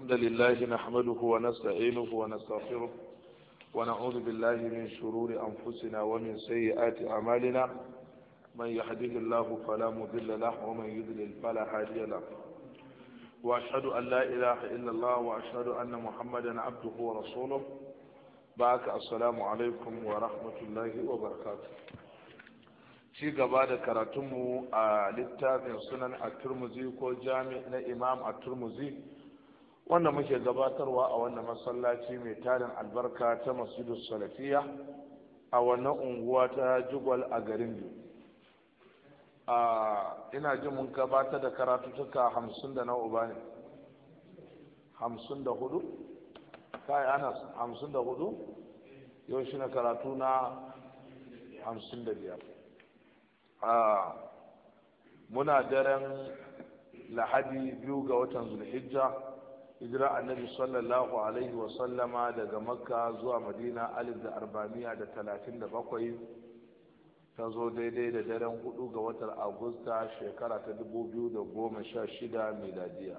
الحمد لله نحمده ونستعينه ونستغفره ونعوذ بالله من شرور أنفسنا ومن سيئات أعمالنا من يهده الله فلا مضل له ومن يضلل فلا هادي له وأشهد أن لا إله إلا الله وأشهد أن محمدا عبده ورسوله باك السلام عليكم ورحمة الله وبركاته ci gaba da karatunmu a littafin sunan at-turmuzi ko jami na imam at-turmuzi wanda muke gabatarwa a wannan masallaci mai tarin albarka ta masjidu salafiya a wannan unguwa ta jugwal a garin biyu ina ji mun gabatar da karatutuka hamsin da na'u ba ne hamsin da hudu kai ana hamsin da hudu yau shi na karatu na hamsin da biyar muna daren lahadi biyu ga watan zulhijja hijira annabi sallallahu alaihi wa sallama daga makka zuwa madina alif da arba'amiya da talatin da bakwai ta zo daidai da daren hudu ga watan agusta shekara ta dubu biyu da goma sha shida miladiya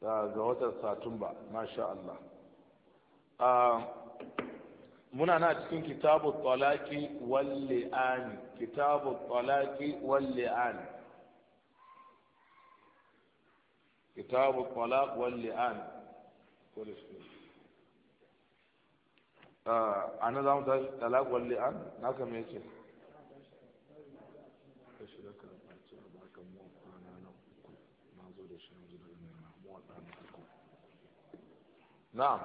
ga watan satumba masha Allah muna na cikin kitabu tsalaki walle'ani kitabu talaki wal kitabu talaq li'an ko a nan za mu tashi talaq wal li'an naka me yake na'am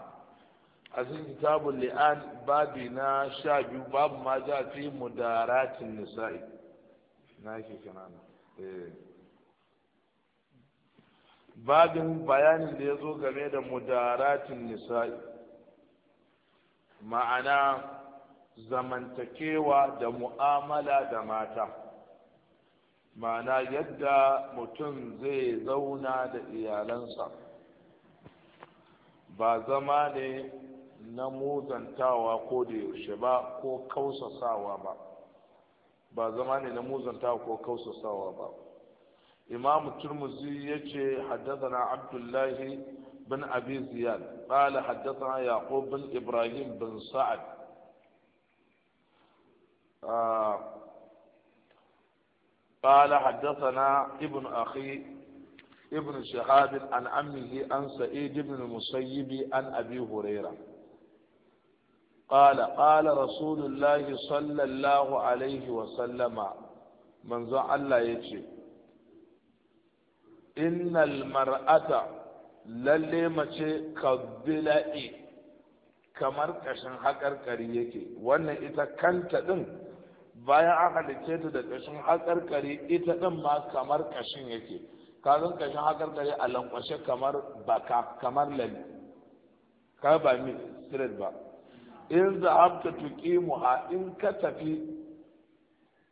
a cikin kitabul li'an babi na sha biyu babu ma ja fi mudaratin nisa'i na yake kanana eh babin bayanin da ya zo game da mudaratin nisa'i ma'ana zamantakewa da mu'amala da mata ma'ana yadda mutum zai zauna da iyalansa ba zama ne na muzantawa ko da yaushe ba ko kausasawa ba ba zama ne na muzantawa ko kausasawa ba إمام الترمذي يجي حدثنا عبد الله بن أبي زياد قال حدثنا يعقوب بن إبراهيم بن سعد آه قال حدثنا ابن أخي ابن شهاب عن عمه عن سعيد بن المسيب عن أبي هريرة قال قال رسول الله صلى الله عليه وسلم من زعل الله يجي innal mar'ata lalle mace kabila'i. kamar kashin haƙarƙari yake wannan ita kanta ɗin bayan an halicce ta da kashin haƙarƙari ita ɗin ma kamar kashin yake kazan kashin haƙarƙari a lankwashe kamar baka kamar lalle ka ba mi straight ba in zahabta tuqimuha in ka tafi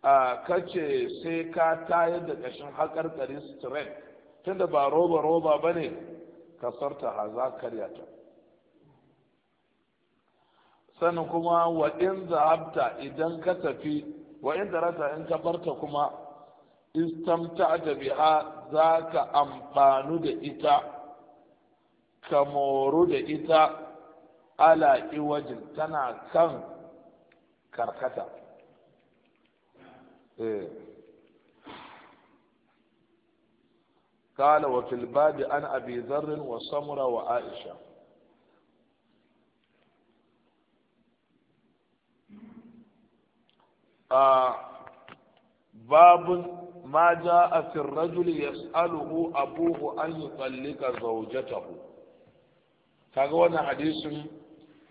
a kace sai ka tayar da kashin haƙarƙari straight tunda ba roba roba ba ne kasarta ha za karya ta sannan kuma wa in zahabta idan ka tafi wa in darata in ka barta kuma istamta'ta biha za ka amfanu da ita ka moru da ita ala iwajin tana kan karkata eh. قال وفي الباب عن أبي ذر وسمرة وعائشة آه باب ما جاء في الرجل يسأله أبوه أن يطلق زوجته kaga wannan hadisin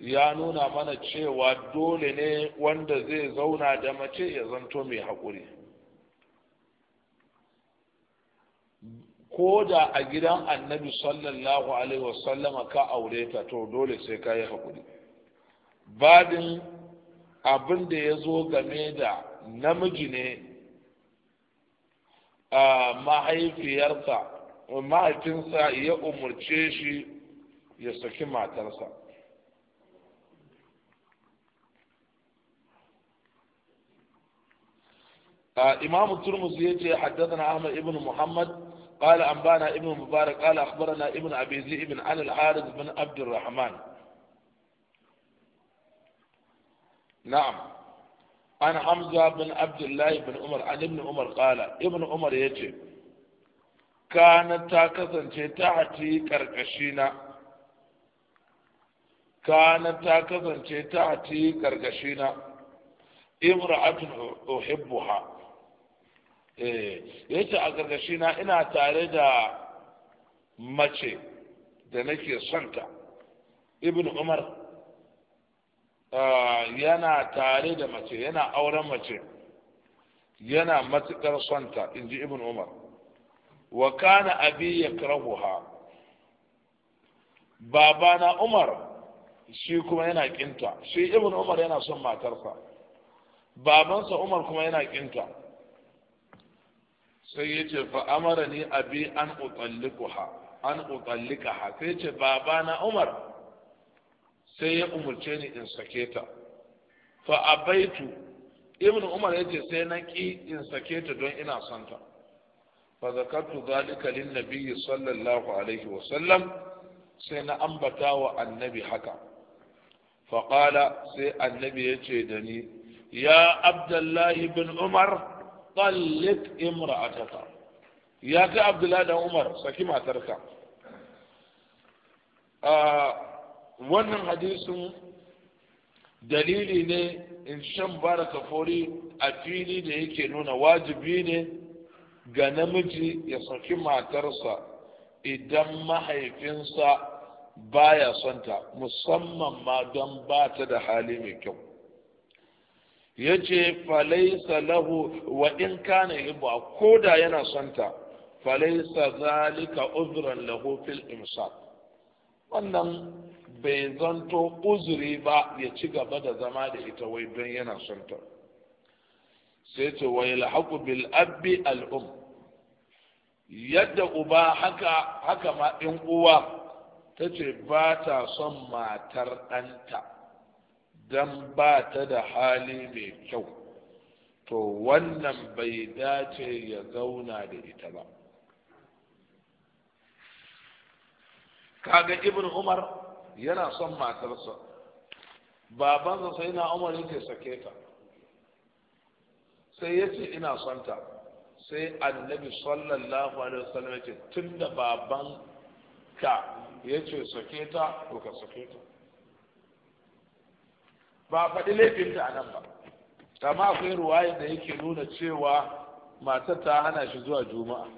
ya nuna mana cewa dole ne wanda zai zauna da mace ya zanto mai haƙuri ko da a gidan annabi sallallahu alaihi wasallama ka aure ta to dole sai ka yi haƙuri badin abin da ya zo game da namiji ne mahaifiyarsa mahaifinsa ya umarce shi ya saki matarsa imamu turmus ya ce haddasa ahmad ibn muhammad قال أنبانا ابن مبارك قال أخبرنا ابن أبي ذئب عن الحارث بن عبد الرحمن نعم عن حمزة بن عبد الله بن عمر عن ابن عمر قال ابن عمر يجي كانت تاكسن تحتي كركشينا كانت تاكسن تحتي كركشينا امرأة أحبها Eh, ya ce a gargashi ina tare da mace da nake santa ibn umar ah, yana tare da mace yana auren mace yana matukar santa in ji ibn umar wa kana abi baba babana umar shi kuma yana kinta shi ibn umar yana son matarsa babansa umar kuma yana kinta sai ya ce fa amara ni abi an utallikuha an utallikaha sai ce baba na umar sai ya umarce ni in sake ta fa abaitu ibn umar ya ce sai na ki in sake ta don ina son ta fa zakartu zalika lin nabiyyi sallallahu alaihi wa sallam sai na ambata wa annabi haka fa qala sai annabi ya ce da ni ya abdullahi bin umar tallik imra'ataka ya kai abdullahi da umar saki matarka a wannan hadisin dalili ne in shan baraka fori a fili da yake nuna wajibi ne ga namiji ya saki matarsa idan mahaifinsa baya son ta musamman ma don ba ta da hali mai kyau ya ce falaisa lahu wa in kana yuhibbu a koda yana sonta falaisa zalika uzran lahu fil imsak wannan bai zanto uzuri ba ya ci gaba da zama da ita wai don yana santa sai ce wa yalhaqu bil abbi al um. yadda uba haka haka ma in uwa tace ba ta son matar ɗanta don ba ta da hali mai kyau to wannan bai dace ya zauna da ita ba kaga ibn umar yana son matarsa babansa sai na umar yake sake ta sai ya ce ina son ta sai annabi sallallahu alaihi wasallam ya ce tunda da babanka ya ce sake ta to ka sake ta ba faɗi laifinta a nan ba amma akwai ruwayin da yake nuna cewa matar ta hana shi zuwa juma'a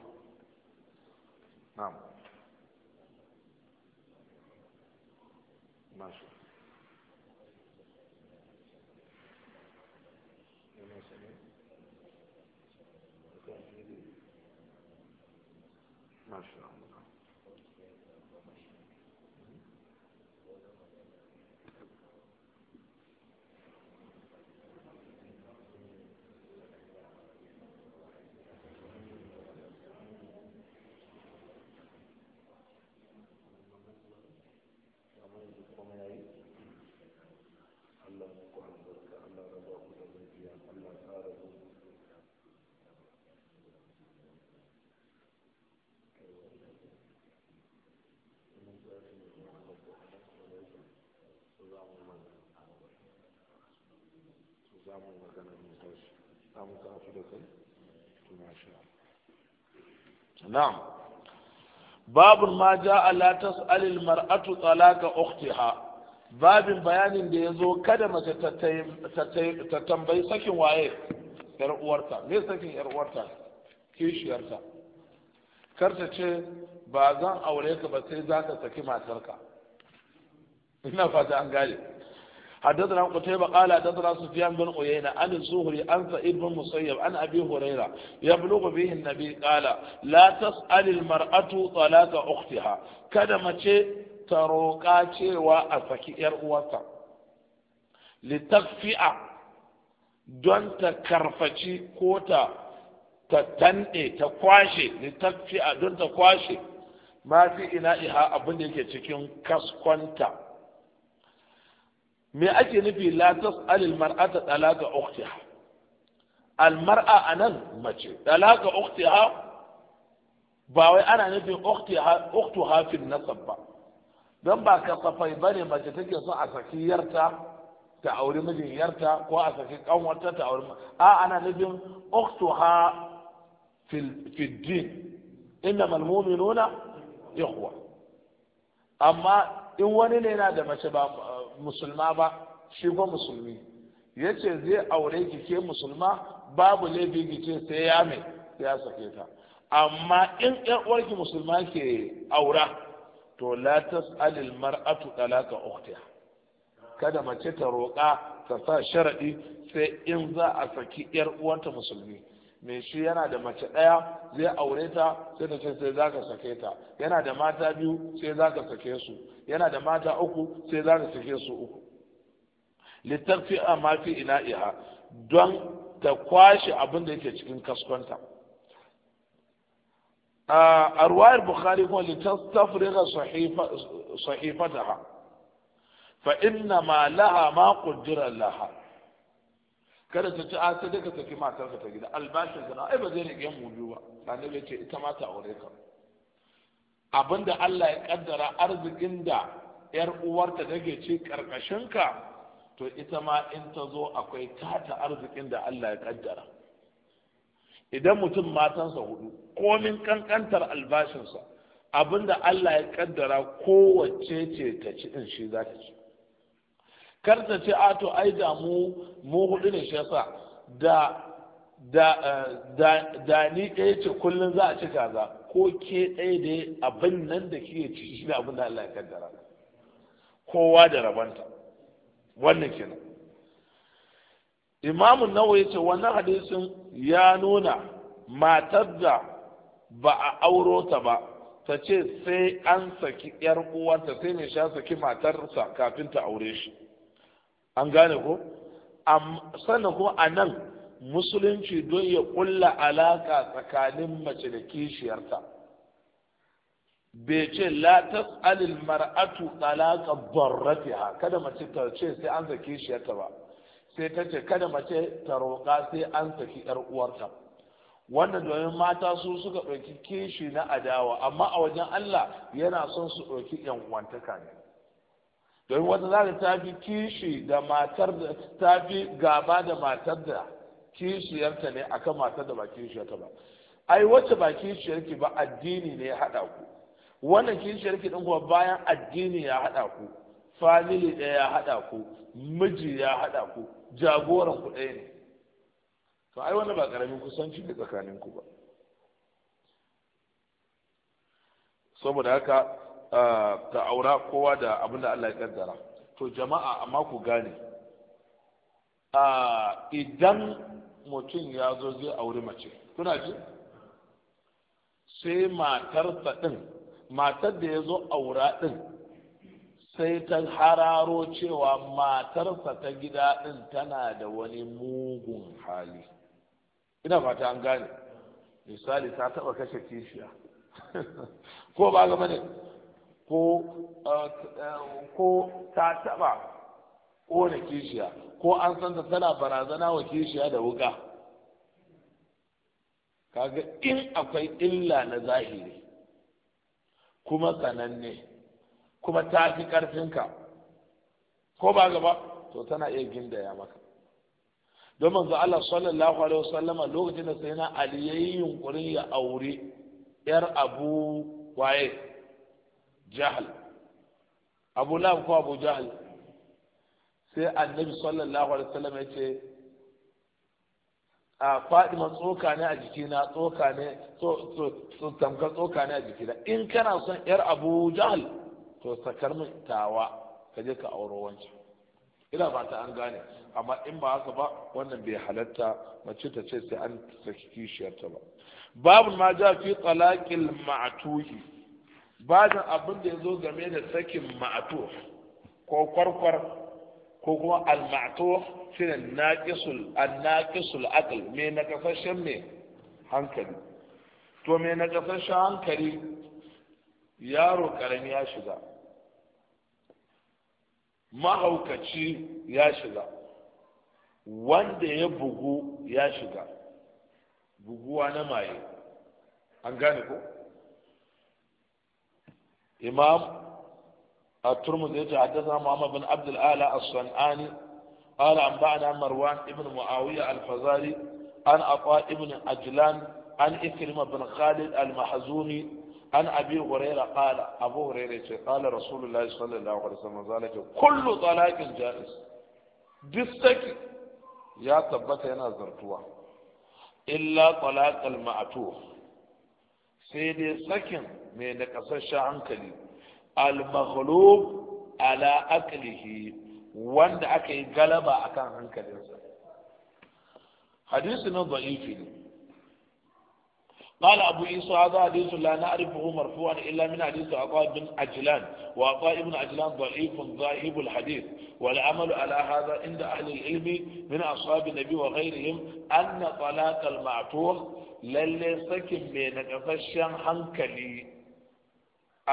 shi da kai na'am babun ma ja'a la tas'al al mar'atu talaqa ukhtiha babin bayanin da zo kada mace ta tambayi sakin waye yar uwarta me sakin yar uwarta kishiyarta kar ta ce ba zan aure ka ba sai za ka saki matarka ina fata an gane حدثنا قتيبة قال حدثنا سفيان بن عيينة عن الزهري عن سعيد بن مسيب عن أبي هريرة يبلغ به النبي قال لا تسأل المرأة طلاق أختها kada mace ta roƙa cewa a saki ‘yar uwarta littafi'a don ta karfaci ko ta ta tanɗe ta kwashe littafi'a don ta kwashe ma ina iha abin da yake cikin kaskonta me ake nufi la tas'al al mar'ata talaqa ukhtiha al mar'a anan mace talaka ukhtiha ba wai ana nufin ukhtiha ukhtuha fi nasab ba dan ba ka safai bane mace take so a saki yarta ta aure mijin yarta ko a saki kanwarta ta aure a ana nufin ukhtuha fi في الدين إنما المؤمنون ikhwa amma in wani ne yana da mace ba eh, musulma ba shi ba musulmi ya ce zai aure ki musulma babu laifi ki ce sai ya mai ya sake ta amma in yan uwarki musulma ke aura to la tas'alil mar'atu talaqa ukhtiha kada mace ta roƙa ta sa sharaɗi sai in za a saki 'yar uwanta musulmi mai shi yana da mace ɗaya zai aure ta sai ta ce sai za ka sake ta yana da mata biyu sai za ka sake su yana da mata uku sai za ka sake su uku littafi a mafi ina iya. don ta kwashe abin da yake cikin kaskonta a ruwayar bukari kuma sahifata ha? fa inna ma laha ma qaddara laha kada ta ci a ta daga tafi matar ta gida albashin ka ai ba zai rage mu biyu ba Sani ya ce ita ma ta aure ka abinda Allah ya kaddara arzikin da yar uwarta take ci karkashin ka to ita ma in ta zo akwai tata arzikin da Allah ya kaddara idan mutum matansa hudu komin kankantar albashinsa abinda Allah ya kaddara kowace ce ta ci din shi za ta ci kar ta ce a to ai da mu mu hudu ne shi yasa da da eh, da da ni ɗaya ce kullum za a ci kaza ko ke ɗaya da abin nan da ke ci shi da abin da Allah ya kaddara kowa da rabanta wannan kenan imamu nawa ya ce wannan hadisin ya nuna matar da ba a auro ta ba ta ce sai an saki yar uwarta sai ne sha saki matarsa kafin ta aure shi an gane ko sannan kuma a nan musulunci don ya kulla alaka tsakanin mace da kishiyarta bai ce la tas'alil mar'atu talaqa ha kada mace ta ce sai an saki kishiyarta ba sai ta ce kada mace ta roƙa sai an saki yar uwarta wannan domin mata su suka ɗauki kishi na adawa amma a wajen Allah yana son su ɗauki yan uwantaka ne don wata za ta fi kishi da matar da ta fi gaba da matar da kishiyarta ne akan matar da ba kishiyarta ba ai wacce ba kishiyarki ba addini ne ya haɗa ku wannan kishiyarki ɗin kuma bayan addini ya haɗa ku famili ɗaya ya haɗa ku miji ya haɗa ku jagoran ku ɗaya ne to ai wannan ba ƙaramin kusanci ne tsakanin ku ba saboda haka Eh, ta aura kowa da abin da Allah ya kaddara to jama'a amma ku gane eh, idan mutum ya zo zai auri mace kuna ji sai matarsa ɗin matar da ya zo aura ɗin sai ta hararo cewa matarsa ta gida ɗin tana da wani mugun hali ina fata an gane misali ta taɓa kashe kishiya ko ba ga ne ko uh, ko ta taba kone kishiya ko an san ta tana barazana wa kishiya da wuka kaga in akwai illa na zahiri kuma sananne kuma ta fi ƙarfinka ko ba gaba to tana iya gindaya maka don manzo Allah sallallahu alaihi wasallama lokacin da sai na aliyayin yayin yunkurin ya aure yar Abu waye jahal abu lahab ko abu jahal sai annabi sallallahu alaihi wasallam ya ce a fadima tsoka ne a jikina tsoka ne tamka tsoka ne a jikina in kana son yar abu jahal to sakar min tawa ka je ka auro wancan ina ba ta an gane amma in ba haka ba wannan bai halatta mace ta ce sai an saki kishiyarta ba babu ma ja fi talaqil ma'tuhi bajin abin da ya zo game da sakin ma'atu ko kwarkwar ko kuma al-ma'atu shine naqisul an-naqisul aql me na kafashin me hankali to me na kafashin hankali yaro karami ya shiga mahaukaci ya shiga wanda ya bugu ya shiga buguwa na maye an gane ko imam at-turmudhi yace haddathana muhammad bin abd a ala as-sanani qala anba'ana marwan ibn muawiya al-fazari an ata ibn ajlan an ikrima bin khalid al-mahzuni an abi hurairah qala abu hurairah yace qala rasulullahi sallallahu alaihi wasallam zalika kullu talaqin jaiz duk ya tabbata yana zartuwa Ila talaqal ma'tuf sai dai sakin mai nakasashen hankali al-maghlub ala aqlihi wanda aka yi galaba akan hankalinsa hadisi na da'ifi ne قال أبو عيسى هذا حديث لا نعرفه مرفوعا إلا من حديث عطاء بن عجلان وعطاء بن عجلان ضعيف ضعيف الحديث والعمل على هذا عند أهل العلم من أصحاب النبي وغيرهم أن طلاق المعتوه للي سكن بين قفشا حنكلي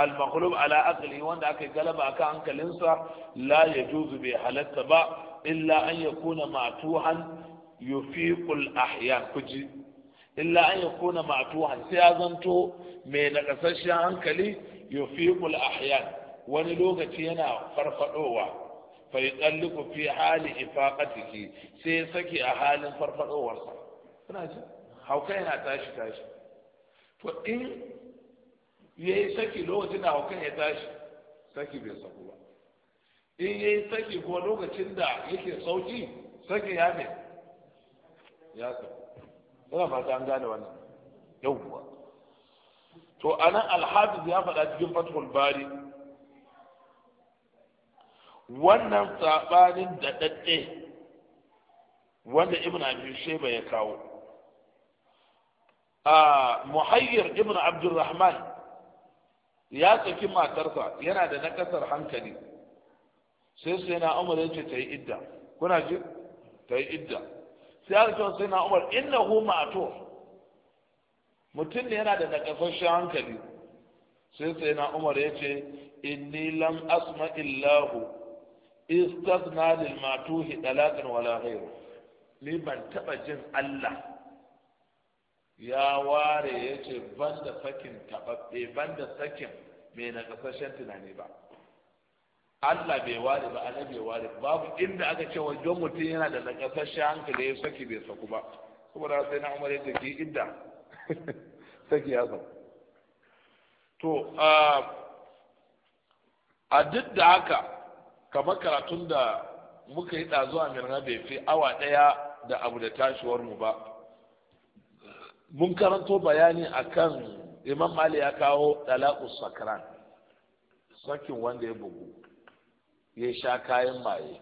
al-maghlub ala asali wanda aka galaba aka hankalinsa la yajuzu bi halatta ba illa an yakuna ma'tuhan yufiqul ahya kuji illa an yakuna ma'tuhan sai ya zanto mai nakasashen hankali yufiqul ahyan wani lokaci yana farfadowa fa yuqalliqu fi hali ifaqatihi sai ya a halin farfadowarsa kuna ji tashi tashi to in ya yi saki lokacin da haukan ya tashi saki bai sauko ba in ya yi saki ko lokacin da yake sauki saki ya mai ya saku ina fata an gane wannan yawwa to anan alhafiz ya faɗa cikin fathul bari wannan sabanin da dadde wanda ibn abi shayba ya kawo a ah, muhayyir ibn abdurrahman ya saki matarsa yana da nakasar hankali sai sai na umar yace ta yi idda kuna ji ta yi idda sai aka ce sai na umar hu mato. mutum ne yana da nakasashen hankali sai sai na umar yace inni lam asma illahu istazna lil matuhi talaqan wala ghayru ni ban taba jin Allah ya ware ya ce ban da sakin taɓaɓɓe ban da sakin mai nakasashen tunani ba Allah bai ware ba Allah bai ware babu inda aka ce wajen mutum yana da nakasashen hankali ya saki bai saku ba da sai na umar ya tafi inda saki ya zo to a duk da haka kamar karatun da muka yi ɗazuwa a mirna bai fi awa ɗaya da abu da tashiwar mu ba mun karanto bayani akan imam mali ya kawo talaku sakran sakin wanda ya bugu ya sha kayan maye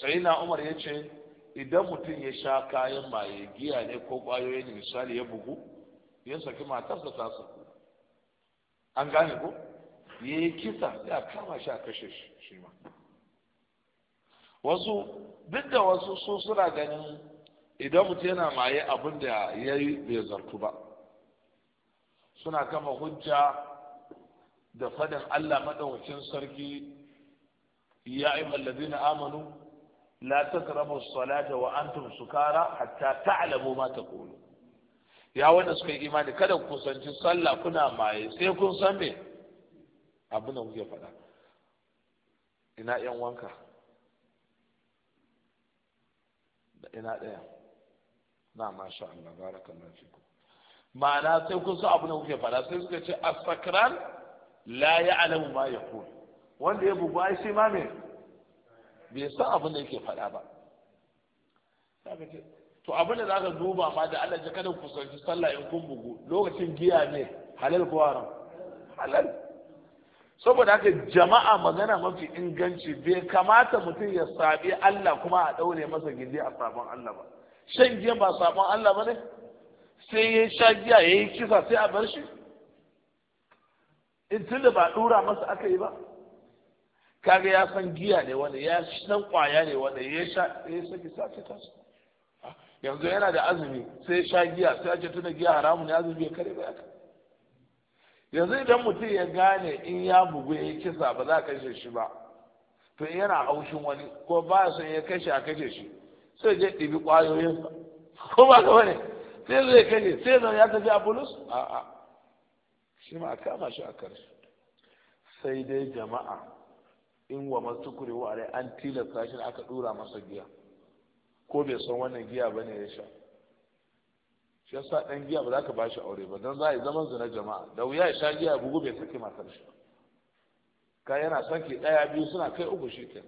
sai na umar ya ce idan mutum ya sha kayan maye giya ne ko ƙwayoyi ne misali ya bugu ya saki matarsa ta saku an gane ko ya yi kisa ya kama shi a kashe shi ma wasu duk da wasu su suna ganin idan mutum yana maye abin da ya yi bai zartu ba suna kama hujja da fadin Allah madaukakin sarki ya yi malladina amanu la takrabu as-salata wa antum sukara hatta ta'lamu ma taqulu ya wanda suka yi imani kada ku kusanci sallah kuna maye sai kun san me abin da kuke faɗa ina yan wanka da ina ɗaya na masha Allah barakallahu fikum ma'ana sai kun so abu da kuke fada sai suka ce asakran la ya alamu ma ya yaqul wanda ya bugu ai shi ma me bai san abin da yake fada ba to abin da zaka duba ma da Allah ya kada ku sanci sallah in kun bugu lokacin giya ne halal ko haram halal saboda haka jama'a magana mafi inganci bai kamata mutum ya sabi Allah kuma a daure masa gindi a sabon Allah ba shan giya ba sabon Allah ba ne sai ya sha giya ya yi kisa sai a bar shi in tunda ba ɗura masa aka yi ba kaga ya san giya ne wanda ya san kwaya ne wanda ya sha ya saki kisa ta yanzu yana da azumi sai ya sha giya sai ake tuna giya haramun ne azumi ya kare ba ka. yanzu idan mutum ya gane in ya bugu ya yi kisa ba za a kashe shi ba to yana haushin wani ko ba son ya kashe a kashe shi sai je ɗibi ƙwayoyinsa ko ba ka wani sai zai kai sai zai ya tafi a bulus a'a shi ma a kama shi a karshe sai dai jama'a in wa masu wa rai an tilasta shi aka dura masa giya ko bai san wannan giya ba ne ya sha shi yasa dan giya ba za ka bashi aure ba don za a yi zaman zina jama'a da wuya ya sha giya bugu bai saki matar shi ka yana son ki daya biyu suna kai uku shi ke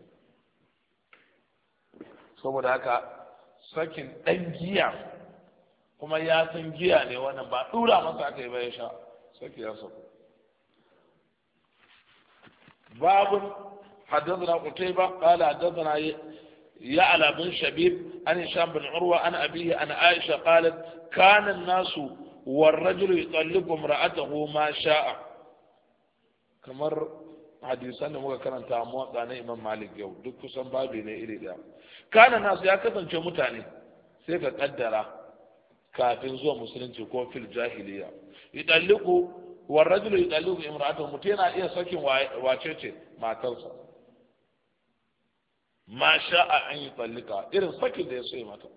saboda haka sakin dan giya kuma ya san jiya ne wani ba dura masa aka yi bai sha sai ya sako babu hadithu na kutai ba kala na yi ya alabin shabib an yi shabin an aisha kala kanin nasu war rajulu ya tsalli gumra a taho ma sha'a kamar hadisan da muka karanta mu a tsanan imam malik yau duk kusan babi ne iri daya kanin nasu ya kasance mutane sai ka kaddara kafin zuwa musulunci ko fil jahiliya yudalliku war rajulu yudalliku imra'atuhu mutum yana iya sakin wace ce matarsa ma sha'a an yi tsallika irin sakin da ya so mata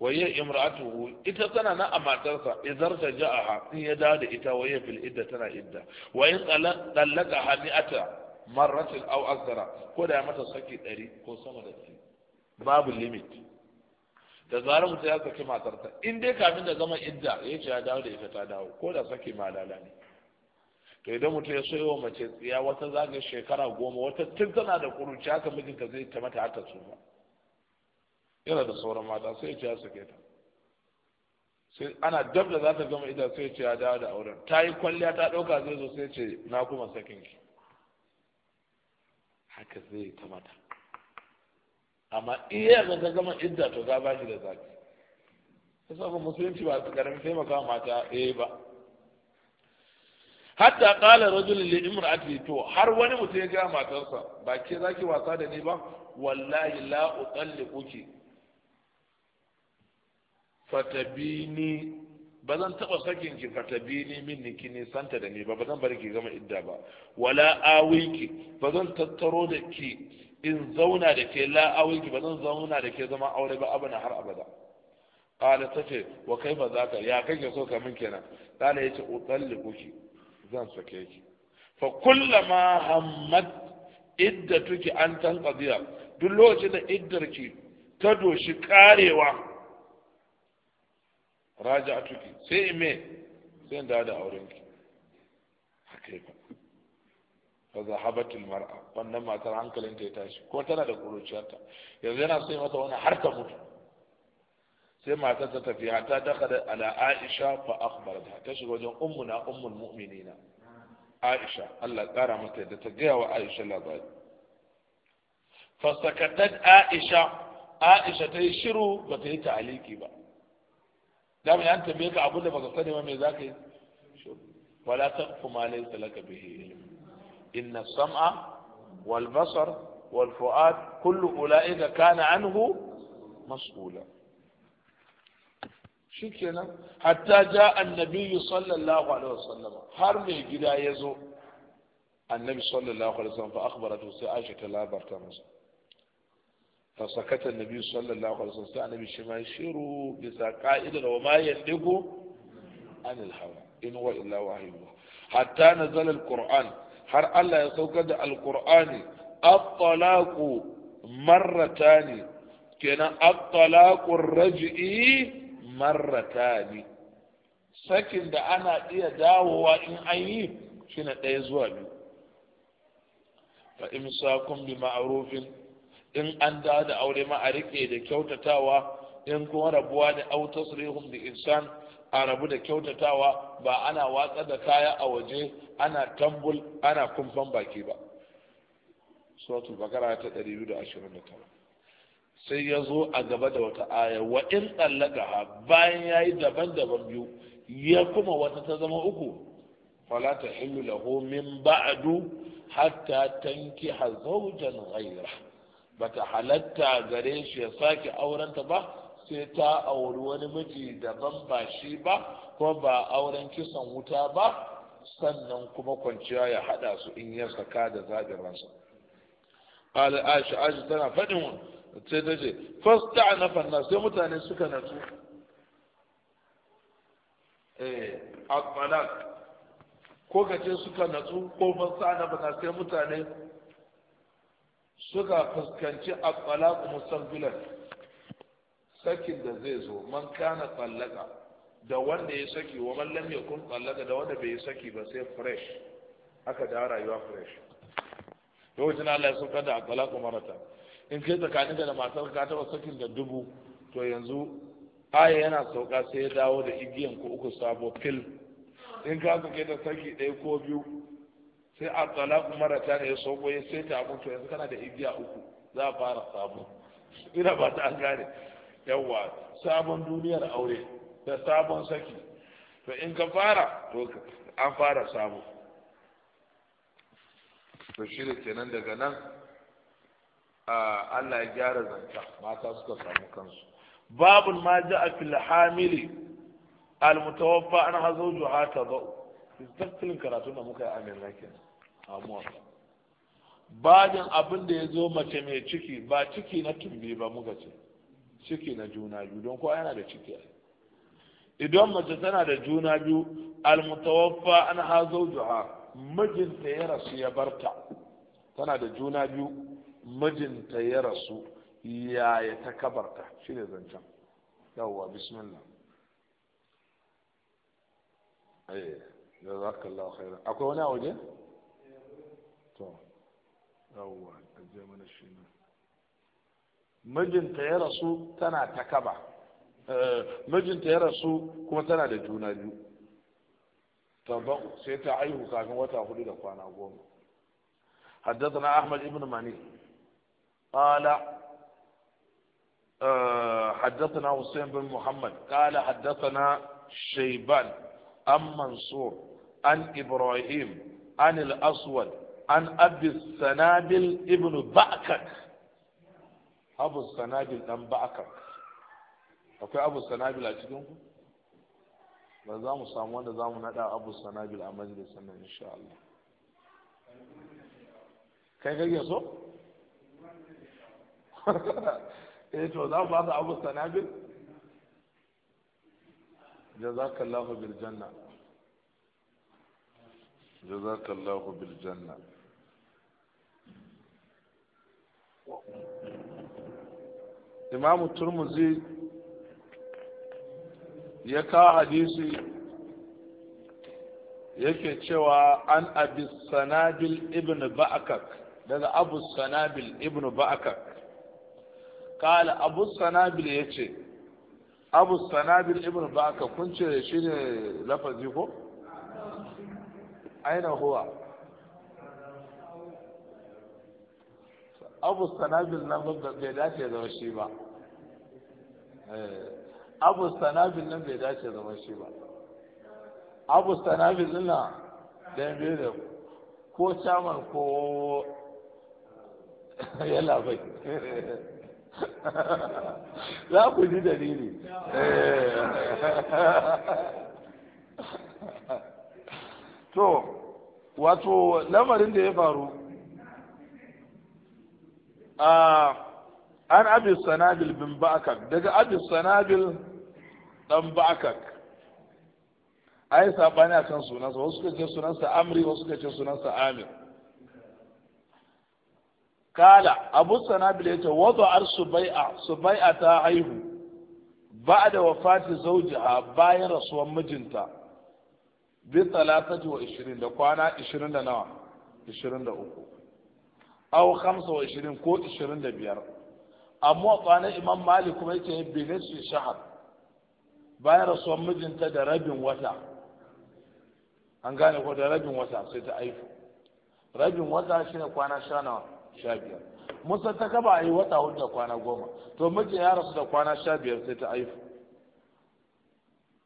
waye imra'atuhu ita tana na a matarsa idan ta a in ya dawo da ita waye fil idda tana idda wa in tsallaka hami'ata marratin aw akthara ko da ya mata saki 100 ko sama da 100 babu limit da zarar mutum ya saki matarsa in dai kafin da zama idda ya ce ya dawo da ita ta dawo ko da saki malala ne to idan mutum ya so wa mace tsiya wata zaga shekara goma wata tun tana da kuruci haka mijinta zai ta mata haka su ba yana da sauran mata sai ya ce ya sake ta sai ana dab da za ta gama idan sai ya ce ya dawo da auren ta yi kwalliya ta ɗauka zai zo sai ce na kuma sakin ki haka zai ta mata amma iya ga ka gama idda to ka shi da zaki saboda musulunci ba su karamin taimaka mata eh ba hatta qala rajul li imra'ati to har wani mutum ya ga matarsa ba ke zaki wasa da ni ba wallahi la utalliquki fatabini ba zan taɓa sakin ki fatabini min nisanta da ni ba ba zan bari ki gama idda ba wala awiki ba zan tattaro da ki in zauna da ke la awulki ba zan zauna da ke zama aure ba abana har abada qala tace wa kai ba za ka ya kake so ka min kenan qala yace utalliquki zan sake ki fa kullama hammat iddatuki an qadiya duk lokacin da iddarki ta doshi karewa raja'atuki sai me sai da da aurenki haka fa zahabatul mar'a wannan matar ta ya tashi ko tana da kuruciyarta yanzu yana so mata wani har ta mutu sai matar ta tafi ta dakala ala aisha fa akhbaratha ta shiga wajen ummuna ummul mu'minina aisha Allah tsara mata yadda ta gaya wa aisha labari fa sakatat aisha aisha ta yi shiru ba ta yi ta'aliki ba da mai an tambaye ka abunda da baka sani ba me zaka yi wala ta kuma laysa laka bihi ilm إن السمع والبصر والفؤاد كل أولئك كان عنه مسؤولا شكنا حتى جاء النبي صلى الله عليه وسلم هرمي قدا يزو النبي صلى الله عليه وسلم فأخبرته سيعيشة لا برتمز فسكت النبي صلى الله عليه وسلم سأنا بشما يشيروا بذكاء وما يندقوا عن الهوى إن هو إلا وحي حتى نزل القرآن har Allah ya saukar da alqur'ani at marrata marratani kenan at-talaqu raj'i marratani sakin da ana iya dawowa in an yi shine ɗaya zuwa biyu fa imsakun bi maarufin, in an da da aure ma a rike da kyautatawa in kuma rabuwa da autasrihum bi insan a rabu da kyautatawa ba ana watsa da kaya a waje ana tambul ana kumfan baki ba suratul bakara ta 229 sai ya zo a gaba da wata aya wa in tsallaka bayan ya yi daban-daban biyu ya kuma wata ta zama uku falata ta hillu lahu min ba'du hatta tanki hazaujan ghaira bata halatta gare shi ya sake aurenta ba sai ta auri wani miji daban ba shi ba ko ba auren kisan wuta ba sannan kuma kwanciya ya hada su in ya saka da zaɓin ransa qala aisha aisha tana faɗin sai ta ce fasta'nafa na fanna sai mutane suka natsu eh at-talaq ko gace suka natsu ko sa na fanna sai mutane suka fuskanci at-talaq mustanbilan sakin da zai zo man kana tsallaka da wanda ya saki wa mallam ya kun tsallaka da wanda bai saki ba sai fresh aka da rayuwa fresh lokacin Allah ya sauka da atalaqu marata in kai tsakanin da matar ka taba sakin da dubu to yanzu aya yana sauka sai ya dawo da igiyan ko uku sabo fil in ka kai da saki ɗaya ko biyu sai a talaku marata ne ya sauko ya sai ta abu to yanzu kana da igiya uku za a fara sabo ina ba ta an gane yawa sabon duniyar aure da sabon saki to in ka fara to an fara sabo to shi da kenan daga nan Allah ya gyara zanta mata suka samu kansu babun ma ja'a fil hamili al mutawaffa an hazo juha ta ba'u tattalin karatu da muka yi amin rakin amuwa bajin abin da ya zo mace mai ciki ba ciki na tumbi ba muka ce ciki na juna biyu don kowa yana da ciki idan mace tana da juna biyu almutawaffa an ha zawjuha mijinta ya rasu ya barta tana da juna biyu mijinta ya rasu yaya ta kabarta ne zancen yawwa bismillah ka eh, jazakallahu khairan akwai wani a waje to yawwa aje mana shi ne mijinta ya rasu tana ta kaba eh, mijinta ya rasu kuma tana da juna biyu tabau sai ta aihu kafin wata hudu da kwana goma حدثنا أحمد بن مني قال حدثنا حسين بن محمد قال حدثنا شيبان عن منصور عن إبراهيم عن الأسود عن أبي السنابل ابن بأكك abu sanabil dan ba'akar akwai abu sanabil a cikin ku ba za mu samu wanda za mu nada abu sanabil a majalisar nan insha Allah kai kake so eh to za mu ba abu sanabil jazakallahu bil janna jazakallahu bil janna imamu turmuzi ya kawo hadisi yake cewa an abi sanabil ibn ba'akak daga abu sanabil ibn ba'akak kala abu sanabil ya ce abu sanabil ibn ba'akak kun ce shi ne lafazi ko? aina huwa abu sanabil nan bai dace da shi ba Eh, abu sanabin nan bai dace zama shi ba abu sanabin nan dan bai da ko chairman ko ya bai za ku ji dalili eh. to wato lamarin da ya faru a ah, an abi sanadil bin ba'akak daga abi sanadil dan ba'akak ai sabani akan sunansa wasu suka ce sunansa amri wasu suka ce sunansa amir kala abu sanadil yace wada'ar subai'a subai'a ta haihu ba'da wafati zawjiha bayan rasuwar mijinta bi talatati wa da kwana 20 da nawa 23 aw 25 ko 25 amma kwanan imam mali kuma yake bi shi shahar bayan rasuwar mijinta da rabin wata an gane ko da rabin wata sai ta aifu rabin wata shine kwana sha na sha biyar musa ta kaba a yi wata hudu da kwana goma to mijin ya rasu da kwana sha biyar sai ta aifu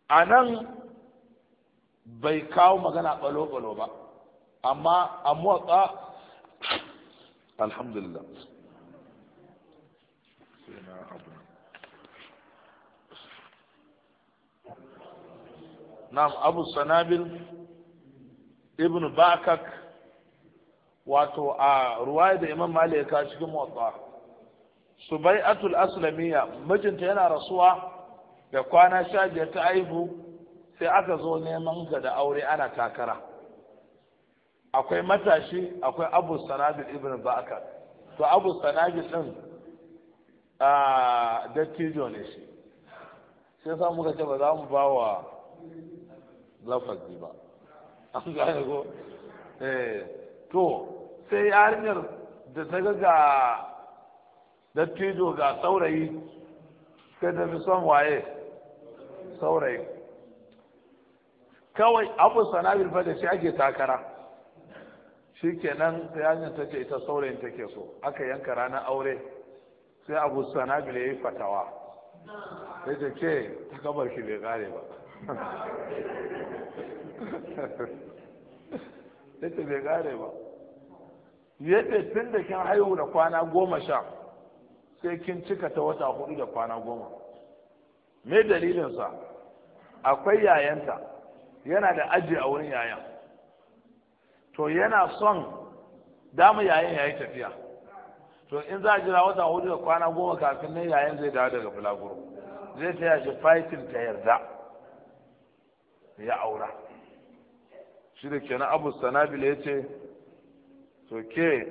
a nan bai kawo magana balo-balo ba amma a motsa alhamdulillah sai na nam abu sanabil ibn bakak wato a da imam malik ya kawo cikin motsa subai'atul aslamiyya mijinta yana rasuwa da kwana sha biyar ta haihu sai aka zo neman ga da aure ana takara akwai matashi akwai abu sanabil ibn ba'aka to abu sanabil din a dattijo ne shi sai sa muka ce ba za mu ba wa lafazi ba an gane ko eh. to sai yarinyar da ta ga ga dattijo ga saurayi sai da fi son waye saurayi kawai abu sanabil fa da shi ake takara shi kenan sai yarinyar ta ce ita saurayin take so aka yanka ranar aure sai abu sanabil ya yi fatawa sai ta ce ta gabar shi bai kare ba sai ta bai kare ba yadda tun da kin haihu da kwana goma sha sai kin cika ta wata hudu da kwana goma me dalilinsa akwai yayanta yana da aji a wurin yayan to yana son dama yayin yayi tafiya to in za a jira wata hudu da kwana goma kafin nan yayin zai dawo daga bulaguro zai taya shi fighting ta yarda ya aura shi da kenan abu sanabil ya ce to ke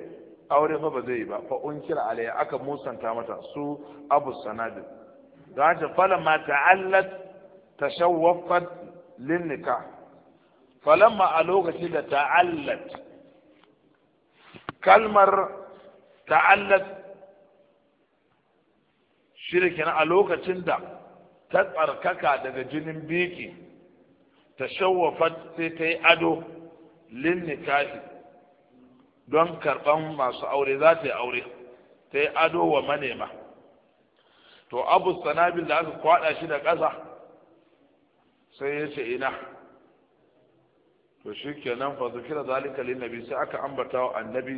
aure fa ba zai yi ba fa unkira alayya aka musanta mata su abu sanabil don haka falamma ta'allat tashawwafat lin nikah falamma a lokaci da ta'allat kalmar ta'allat shirkin a lokacin da ta tsarkaka daga jinin biki ta shawwafat sai ta yi ado lin nikahi don karban masu aure za ta yi aure ta yi ado wa manema to abu sanabil da aka kwada shi da ƙasa sai ya ce ina to shi kenan fa zukira zalika lin nabi sai aka ambata wa annabi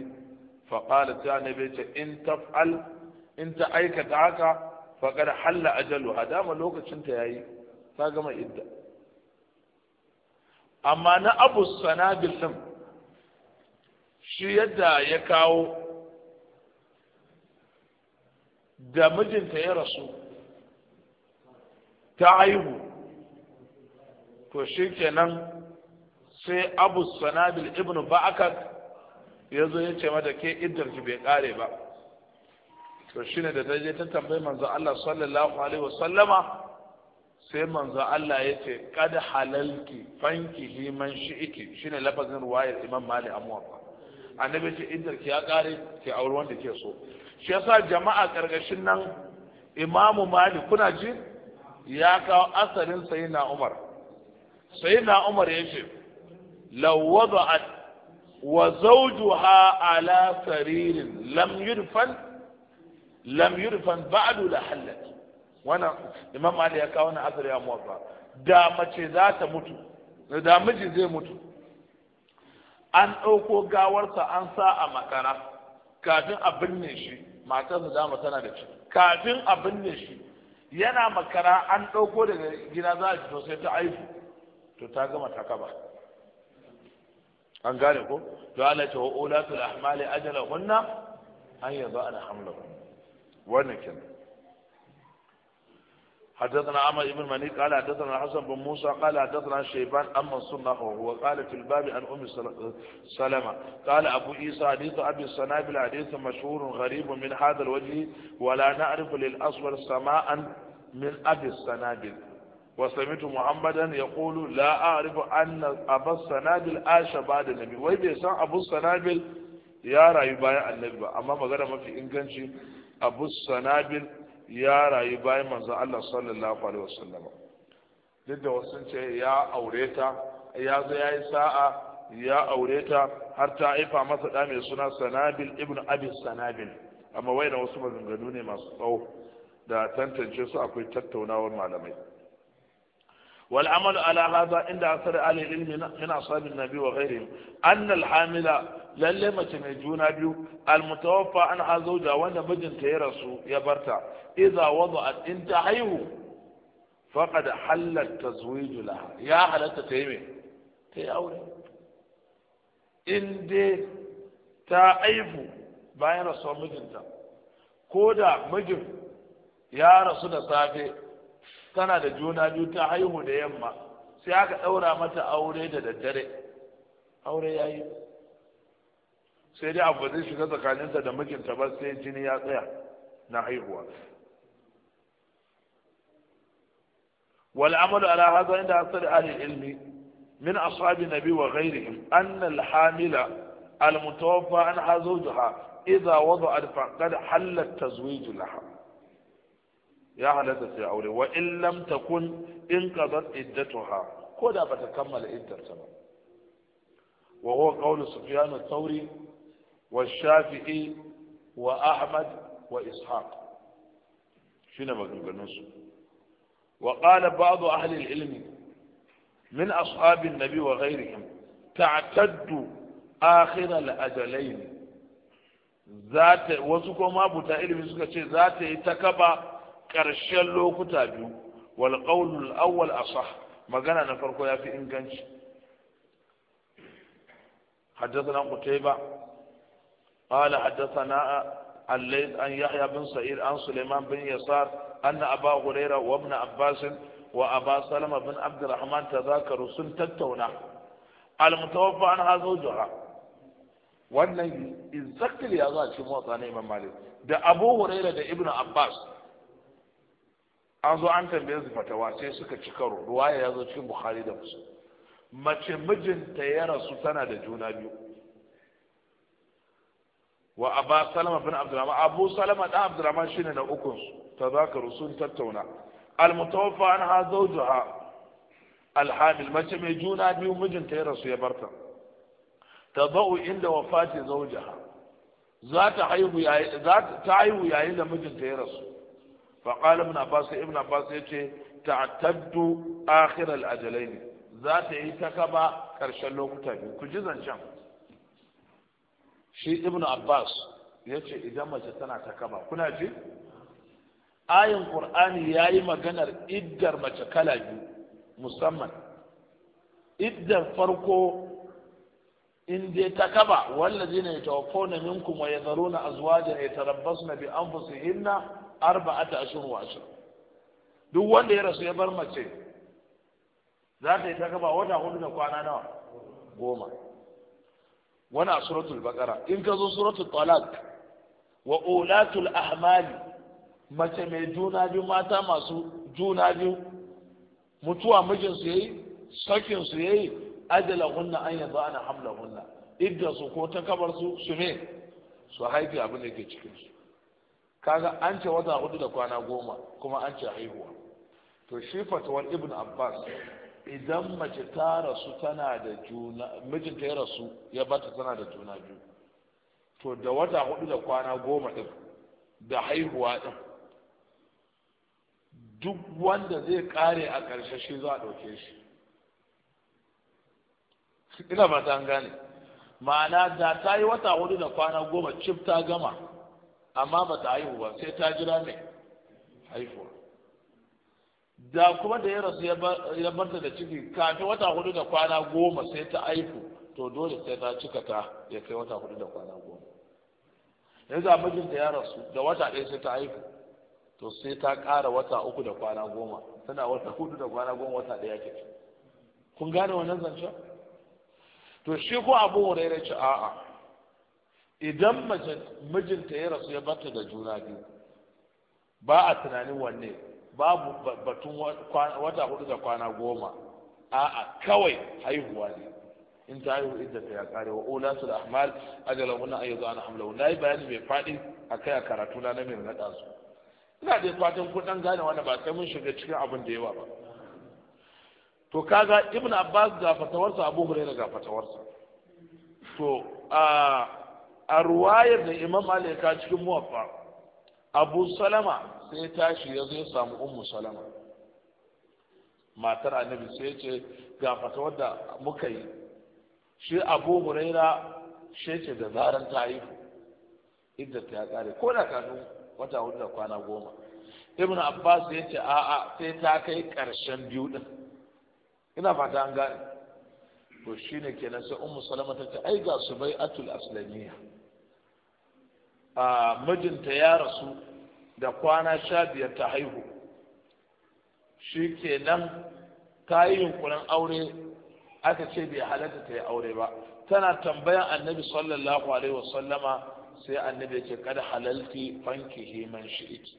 faƙala ta annabi ce in taf'al in ta aikata haka faƙar halla ajalu a dama lokacin ta yayi ta gama idda amma na abu sanabil din shi yadda ya kawo da mijinta ya rasu ta haihu to shi kenan sai abu sanabil ibn ba'akak ya zo ya ce mata ke ki bai kare ba to shine da ta ta tambayi manzo Allah sallallahu alaihi wasallama sai manzo Allah ya ce kad halalki fanki liman shi'iki shine lafazin ruwayar Imam Malik Amwaba annabi ce ki ya kare ki aure wanda ke so shi yasa jama'a kargashin nan Imam Malik kuna ji ya kawo asalin sayyidina Umar sayyidina Umar ya ce law wada'at wa على ala saririn يدفن لم يدفن بعد لحلت وانا امام wannan يا ali اثر يا wannan asari a da mace za ta mutu da miji zai mutu an ɗauko gawarsa an sa a makara kafin a binne shi da dama tana da shi. kafin a binne shi yana makara an ɗauko daga gida za a fito sai ta aifu to ta gama ta kaba an gane ko to Allah ce wa ulatul ahmali ajalahunna an yadhana hamlahunna wannan kenan حدثنا عمر بن منيك قال حدثنا حسن بن موسى قال حدثنا شيبان عن منصور نحوه وقال في الباب عن ام سلمة قال ابو عيسى حديث ابي السنابل حديث مشهور غريب من هذا الوجه ولا نعرف للاصفر سماء من ابي السنابل وسمعت محمدا يقول لا أعرف أن أبا السنابل عاش بعد النبي وي بيسان أبو السنابل يا راي بايع النبي با أما مغانا ما في إنجانشي أبو السنابل يا راي بايع من الله صلى الله عليه وسلم duk da wasu ce ya aure ya zo ya yi sa'a ya aureta har ta haifa masa da mai suna sanabil ibnu abi sanabil amma wasu maganganu ne masu tsawo da tantance su akwai tattaunawar malamai والعمل على هذا عند أثر أهل العلم من أصحاب النبي وغيرهم أن الحاملة للمة من جون المتوفى عنها زوجة وأن بجن تيرسو يبرتع إذا وضعت انت حيو فقد حل التزويج لها يا حلة تيمي تي أولي إن دي تأيف باين رسول مجن كودا مجن يا رسول صافي tana da juna biyu ta haihu da yamma sai aka daura mata aure da daddare aure yayi sai dai abu zai shiga tsakaninta da mijinta ba sai jini ya tsaya na haihuwa wal amalu ala hadha inda asari ahli ilmi min ashabi nabi wa ghayrihim anna al hamila al mutawaffa an hazawjaha idha wada'at qad halat tazwijul laha ya halatta sai aure wa in lam takun in qadat iddatuha ko da bata kammala iddarta ba wa huwa qawlu sufyan ath-thawri wa shafi'i wa ahmad wa ishaq shine maganganun su wa qala ba'd ahli al-ilm min ashab an-nabi wa ghayrihim ta'taddu akhir al-ajalayn zata wasu ko mabuta ilimi suka ce zata yi ta kaba Karshen lokuta biyu walƙaunul awwal asah magana na farko ya fi inganci haddasa qutayba qala haddasana alayth an yahya bin Sa'id, an suleiman bin yasar anna aba hurayra wa ibn abbas wa aba salama bin abd alrahman tazakaru sun tattauna al mutawaffa an hazo juha wannan izakil ya zo a cikin motsa na imam malik da abu hurayra da ibn abbas an zo an tambaye su fata wace suka ci karo ruwaya ya zo cikin bukhari da musu mace mijinta ya rasu tana da juna biyu wa aba salama bin abdurrahman abu salama dan abdurrahman shine na ukun su tazakaru sun tattauna almutawaffa anha zawjuha alhamil mace mai juna biyu mijinta ya rasu ya barta Ta tadau inda wafati zawjaha za ta haihu yayin da mijinta ya rasu fa ibn abbas ibn abbas yace ta'taddu akhir al ajalain za ta yi ta kaba karshen lokuta biyu ku ji zancen shi ibn abbas yace idan mace tana ta kuna ji ayin qur'ani yayi maganar iddar mace kala biyu musamman iddar farko in dai ta kaba wallazi ne tawaffona minkum wa yadharuna azwajan yatarabbasna bi anfusihinna Arba ashhur wa duk wanda ya rasu ya bar mace za ta yi ta gaba wata hudu da kwana nawa goma wani a suratul in ka zo suratul talaq wa ulatul ahmali mace mai juna biyu mata masu juna biyu mutuwa mijinsu yayi sakin su yayi ajala hunna an yanzu ana hamla hunna idda su ko ta kabar su su ne? su haifi abin da ke cikinsu. kaga an ce wata hudu da kwana goma kuma an ce haihuwa to shi fatawar ibn abbas idan mace ta rasu tana da juna mijinta ya rasu ya bata tana da juna biyu to da wata hudu da kwana goma din da haihuwa din duk wanda zai kare a ƙarshe shi za a ɗauke shi ina ba ta gane ma'ana da ta yi wata hudu da kwana goma cif ta gama amma ba ta haihu ba sai ta jira mai haihuwa da kuma da ya rasu ya barta da ciki kafin wata hudu da kwana goma sai ta haihu to dole sai ta cika ta ya kai wata hudu da kwana goma yanzu a mijinta ya rasu da wata ɗaya sai ta haihu to sai ta ƙara wata uku da kwana goma tana wata hudu da kwana goma wata ɗaya ke kun gane wannan zancen to shi ko abu wurare ci a'a idan mijinta ya rasu ya bata da juna biyu ba a tunanin wanne babu batun wata hudu da kwana goma a'a kawai haihuwa ne in ta haihu idan ta ya kare wa ula su da ahmal ajala wani zuwa ana hamla na yi bayani mai faɗi a kai a karatu na na mai naɗa su ina da fatan kun gane wani ba sai mun shiga cikin abin da yawa ba to kaga ibn abbas ga fatawarsa abu hurairah ga fatawarsa to a ah, a ruwayar da imam alika cikin muwaffa abu salama sai tashi ya zo samu ummu salama matar annabi sai ce ga fata wadda muka yi shi abu huraira shi ce da zaran ta haihu idda ta kare ko da kanu wata hudu da kwana goma ibn abbas ya ce a'a sai ta kai karshen biyu din ina fata an gane to shine kenan sai ummu salama ta ce ai ga subai atul aslamiyya mijinta ya rasu da kwana sha biyar ta haihu shi ke nan ta yi yunkurin aure aka ce bai halatta ta yi aure ba tana tambayan annabi sallallahu alaihi wasallama sai annabi ya ce kada halalti fanki himan shi'iki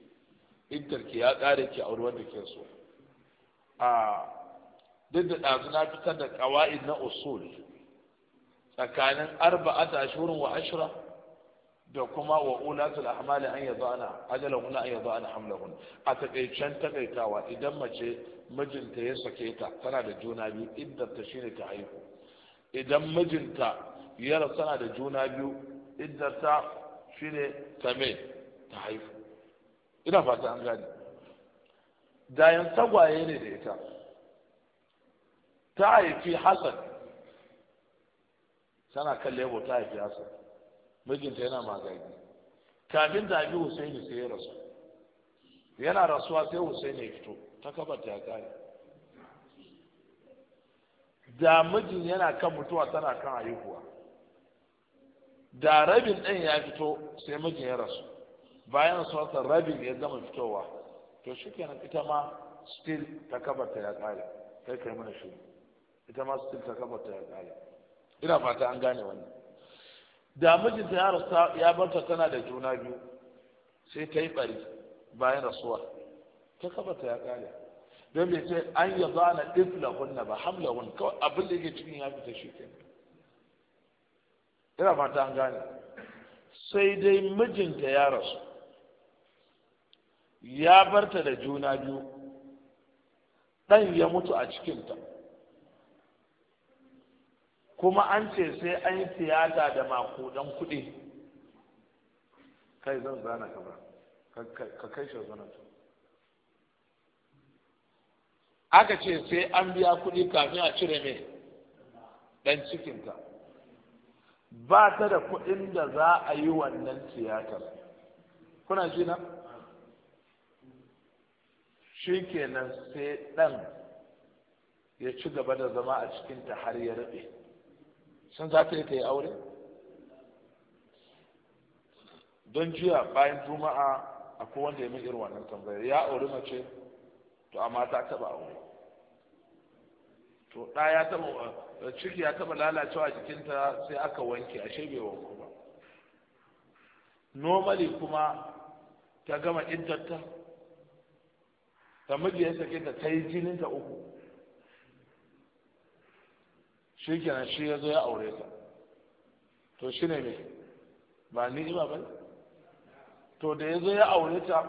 Idan ki ya kare ki aure wanda ke so a duk da ɗazu na fitar da ƙawa'id na usul tsakanin arba'a arba'ata ashurin wa ashira da kuma wa ulatul ahmali an ana yadana ajalahunna an yadana hamlahun a takaicen takaitawa idan mace mijinta ya sake ta tana da juna biyu ta shine ta haihu idan mijinta ya tana da juna biyu idda ta shine ta me ta haihu ina fata an gane dayan tagwaye ne da ita ta haifi hasan tana kan lebo ta haifi hasan mijinta yana magagi kafin ta haifi husaini sai ya rasu yana rasuwa sai husaini ya fito ta kafa ta kare da mijin yana kan mutuwa tana kan haihuwa da rabin ɗin ya fito sai mijin ya rasu bayan rasuwarsa rabin ya zama fitowa to shi kenan ita ma still ta kabarta ya kare kai kai mana shi ita ma still ta kabarta ya kare ina fata an gane wannan da mijinta ya rasa ya barta tana da juna biyu sai ta yi bari bayan rasuwa ta ta ya kare don bai ce an yi zana hunna ba hamla hamlahun kawai abin da yake cikin ya fita shi ke ina ba an gane sai dai mijinta ya rasu ya barta da juna biyu ɗan ya mutu a cikinta kuma an ce sai an yi tiyata da makudan kuɗi kai zan zana ka ka kai shi zana to aka ce sai an biya kuɗi kafin a cire mai ɗan cikinta ba ta da kuɗin da za a yi wannan tiyatar kuna ji na shi kenan sai ɗan ya ci gaba da zama a cikinta har ya rabe san za ta yi ta yi aure don jiya bayan juma'a akwai wanda ya mai irin wannan tambayar ya aure mace to amma ta taba aure to da ya taba eh, ciki ya taba lalacewa jikinta sai aka wanke ashe bai wa kuma. normally kuma ta gama intanta ta miji ya sake ta ta yi jinin ta uku shi kenan shi ya zo ya aure ta to shi ne me ba ni ba bai to da ya zo ya aure ta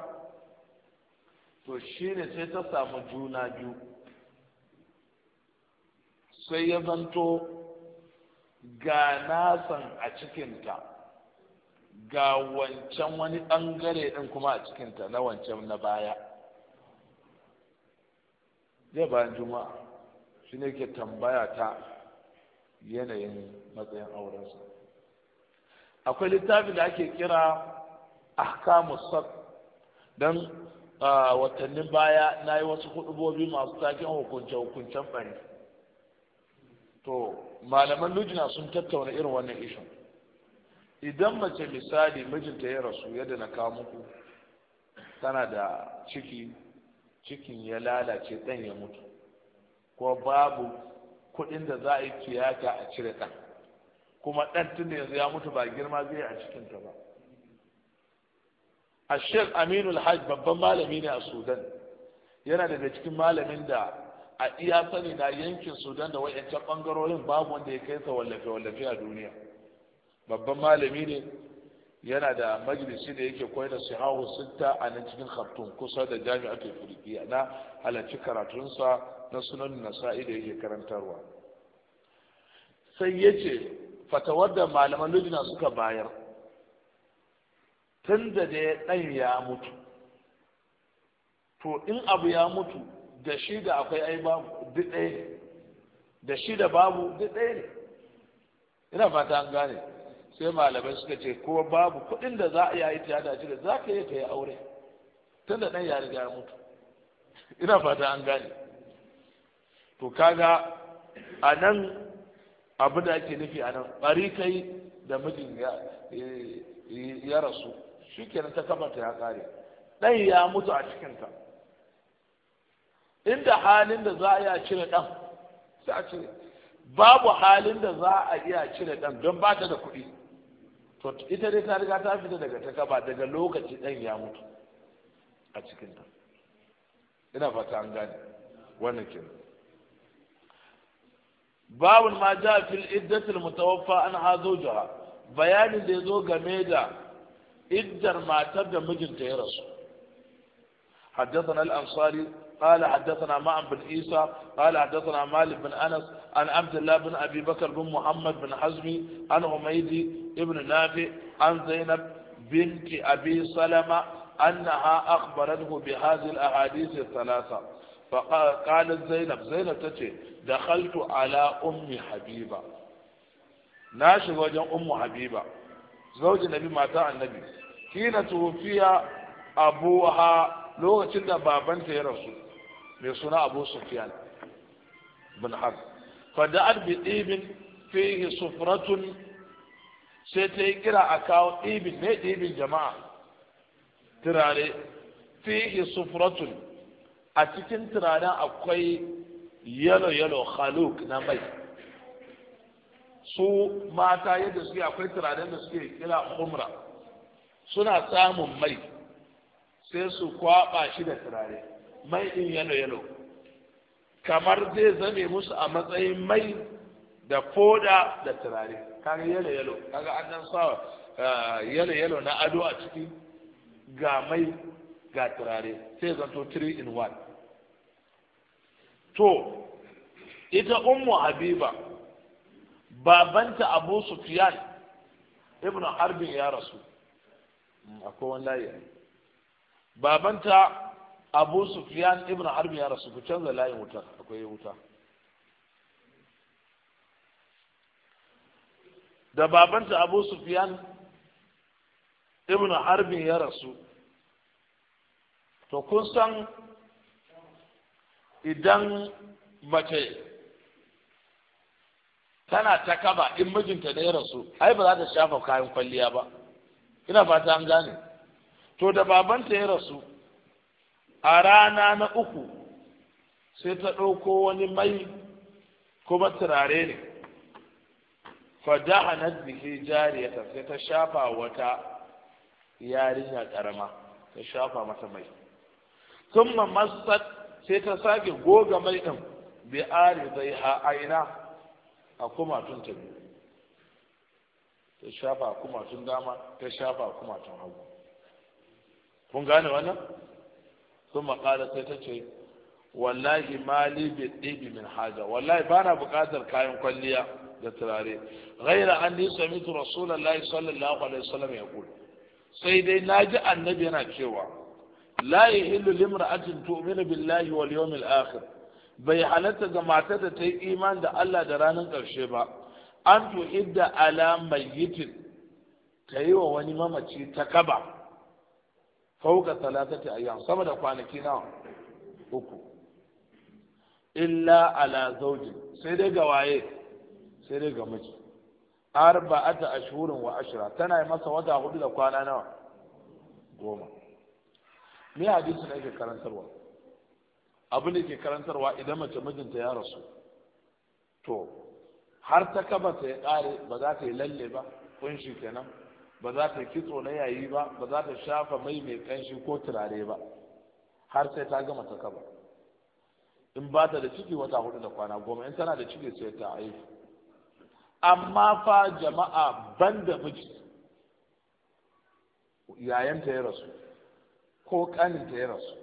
to shi ne sai ta samu juna biyu sai ya zanto ga nasan a cikinta ga wancan wani ɓangare ɗin kuma a cikinta na wancan na baya zai bayan juma'a shi ne ke tambaya ta yanayin matsayin aurensa akwai littafin da ake kira ahkamu sab dan watannin baya na yi wasu hudubobi masu taken hukunce-hukuncen bari to malaman lujina sun tattauna irin wannan ishin idan mace misali mijinta ya rasu yadda na kawo muku tana da ciki cikin ya lalace ɗan ya mutu ko babu kuɗin da za a yi tiyata a cire ɗan kuma ɗan tun da yanzu ya mutu ba girma zai a cikin ta ba a shek aminul hajj babban malami ne a sudan yana daga cikin malamin da a iya sani na yankin sudan da wayancan ɓangarorin babu wanda ya kai sa wallafe wallafe a duniya babban malami ne yana da majalisi da yake koyar da sihahu sitta a nan cikin khartoum kusa da jami'atu furidiya na halarci karatunsa na sunan nasa'i da yake karantarwa sai yace fatawar da malaman lujina suka bayar tun da dai ɗan ya mutu to in abu ya mutu da shi da akwai ai babu duk ɗaya da shi da babu duk ɗaya ina fata an gane sai malamai suka ce ko babu kuɗin da za a yi ta da jira za ka yi ka yi aure tun da ɗan ya riga ya mutu ina fata an gane to kaga a nan abu da ake nufi a nan ɓari kai da mijin ya rasu shi kenan ta kamata ya ƙare ɗan ya mutu a cikinta inda halin da za a iya cire ɗan sai a cire babu halin da za a iya cire ɗan don ba ta da kuɗi to ita dai ta riga ta fita daga ta kaba daga lokaci ɗan ya mutu a cikinta ina fata an gane wannan kenan babu ma ja fil iddatul mutawaffa an ha zawjaha bayanin da zo game da iddar matar da mijinta ya rasu حدثنا الأنصاري قال حدثنا معن بن عيسى قال حدثنا مالك بن انس عن عبد الله بن ابي بكر بن محمد بن حزمي عن عميدي بن نافع عن زينب بنت ابي سلمه انها اخبرته بهذه الاحاديث الثلاثه فقالت زينب زينب تتي دخلت على ام حبيبه ناشي وجه ام حبيبه زوج النبي ماتا النبي حين توفي ابوها lokacin da babanta ya rasu mai suna abu sufyan bin har Fadda arbi ɗibin fiye sufuratun, sai ta yi kira a kawo ɗibin ne ɗibin jama'a turare fiye sufuratun, a cikin turaren akwai yalo-yalo haluk na mai su mata yadda suke akwai turaren da suke kira umra suna samun mai sai su kwaɓa shi da turare mai in yalo yalo kamar zai zame musu a matsayin mai da foda da turare kaga yalo yalo kaga an nan sawa eh, yalo yalo na ado a ciki ga mai ga turare sai zanto 3 in 1 to ita ummu habiba babanta abu sufyan ibnu harbin ya rasu hmm, akwai wani layi babanta abu sufyan ibn harbi ya rasu ku canza layin wuta akwai wuta da babanta abu sufiyan ibn harbi ya rasu to kun san idan mace tana ta kaba in mijinta ne ya rasu ai ba za ta shafa kayan kwalliya ba ina fata an gane to da babanta ya rasu a rana na uku sai ta ɗauko wani mai kuma turare ne fadaha na bihi jariyata sai ta shafa wata yarinya ƙarama ta shafa mata mai thumma massat sai ta sake goga mai ɗin bi ha aina a kumatun ta biyu ta shafa kumatun dama ta shafa kumatun hagu kun gane wannan sun makala sai ta ce wallahi mali bi ɗibi min haja wallahi ba na buƙatar kayan kwalliya da turare ghaira an ni samitu rasulullahi sallallahu alaihi wasallam ya kula sai dai naji annabi yana cewa la yahillu limra'atin tu'minu billahi wal yawmil akhir bai halatta ga matar da ta yi iman da Allah da ranar ƙarshe ba an tu'idda ala mayyitin ta yi wa wani mamaci ta kaba fauka talatati ayyam sama da kwanaki nawa uku illa ala zaujin sai dai ga waye sai dai ga miji arba'ata ashhurin wa ashra tana yi masa wata hudu da kwana nawa goma me hadisi ne ke karantarwa abin da ke karantarwa idan mace mijinta ya rasu to har ta kaba ta ya kare ba za ta yi lalle ba kunshi kenan ba za ta kitso na yayi ba ba za ta shafa mai mai kanshi ko turare ba har sai ta gama ta kaba in ba ta da ciki wata hudu da kwana goma in tana da ciki sai ta aiki. amma fa jama'a ban da miji yayanta ya rasu ko ta ya rasu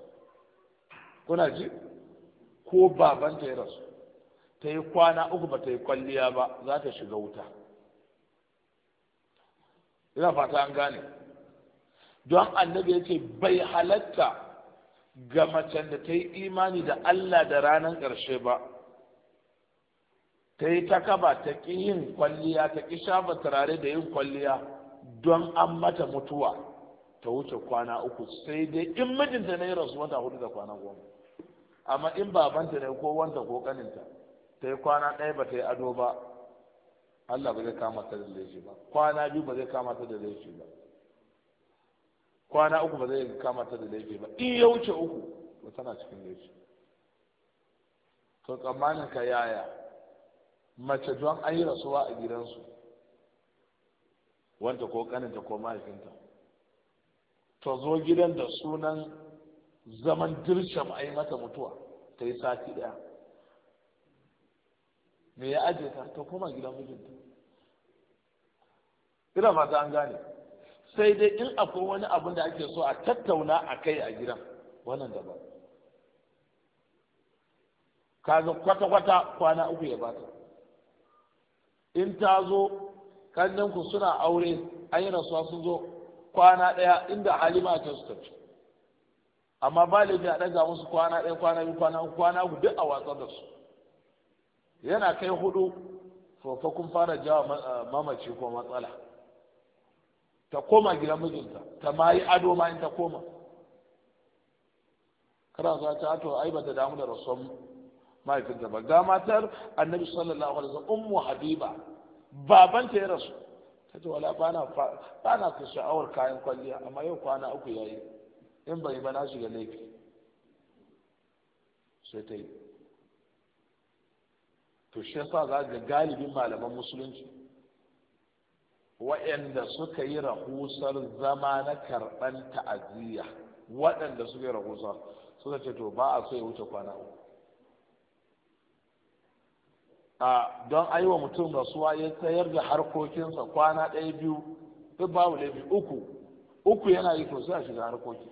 kuna ji ko babanta ya rasu ta yi kwana uku ba ta yi kwalliya ba za ta shiga wuta ina fata an gane don annabi ya bai halatta ga macen da ta yi imani da Allah da ranar ƙarshe ba ta yi ta kaba ta ƙi yin kwalliya ta ƙi shafa turare da yin kwalliya don an mata mutuwa ta wuce kwana uku sai dai in mijinta na yi rasuwa ta hudu da kwana goma amma in babanta ne ko wanta ko kaninta ta yi kwana ɗaya ba ta yi ado ba Allah ba zai kama ta da laifi ba kwana biyu ba zai kama ta da laifi ba kwana uku ba zai kama ta da laifi ba in ya wuce uku ba tana cikin laifi to tsammanin ka yaya mace don an yi rasuwa a gidansu wanda ko kaninta ko mahaifinta ta zo gidan da sunan zaman dirshan a yi mata mutuwa ta yi sati daya me ya ajiye ta ta koma gidan mijinta ina mata an gane sai dai in akwai wani abin da ake so a tattauna a kai a gidan wannan daban kaga kwata-kwata kwana uku ya bata in ta zo kanninku suna aure an yi rasuwa sun zo kwana ɗaya inda halima ta su tafi amma ba laifi a ɗaga musu kwana ɗaya kwana biyu kwana uku kwana uku duk a watsar da su yana kai hudu fa kun fara jawa mamaci ko matsala ta koma gidan mijinta ta ma yi ado ma in ta koma kana za ta to ai ba ta damu da rasuwan mahaifinta ba ga matar annabi sallallahu alaihi wasallam ummu habiba babanta ya rasu ta ce wala bana bana ku sha'awar kayan kwalliya amma yau kwana uku yayi in bai ba na shiga laifi sai ta yi to shi yasa za ga galibin malaman musulunci waɗanda suka yi rahusar zama na karɓar ta'aziyya waɗanda suka yi rahusar suka ce to ba a so ya wuce kwana uku a don wa mutum rasuwa ya tsayar da harkokinsa kwana ɗaya biyu duk babu laifi uku uku yana yi to sai a shiga harkoki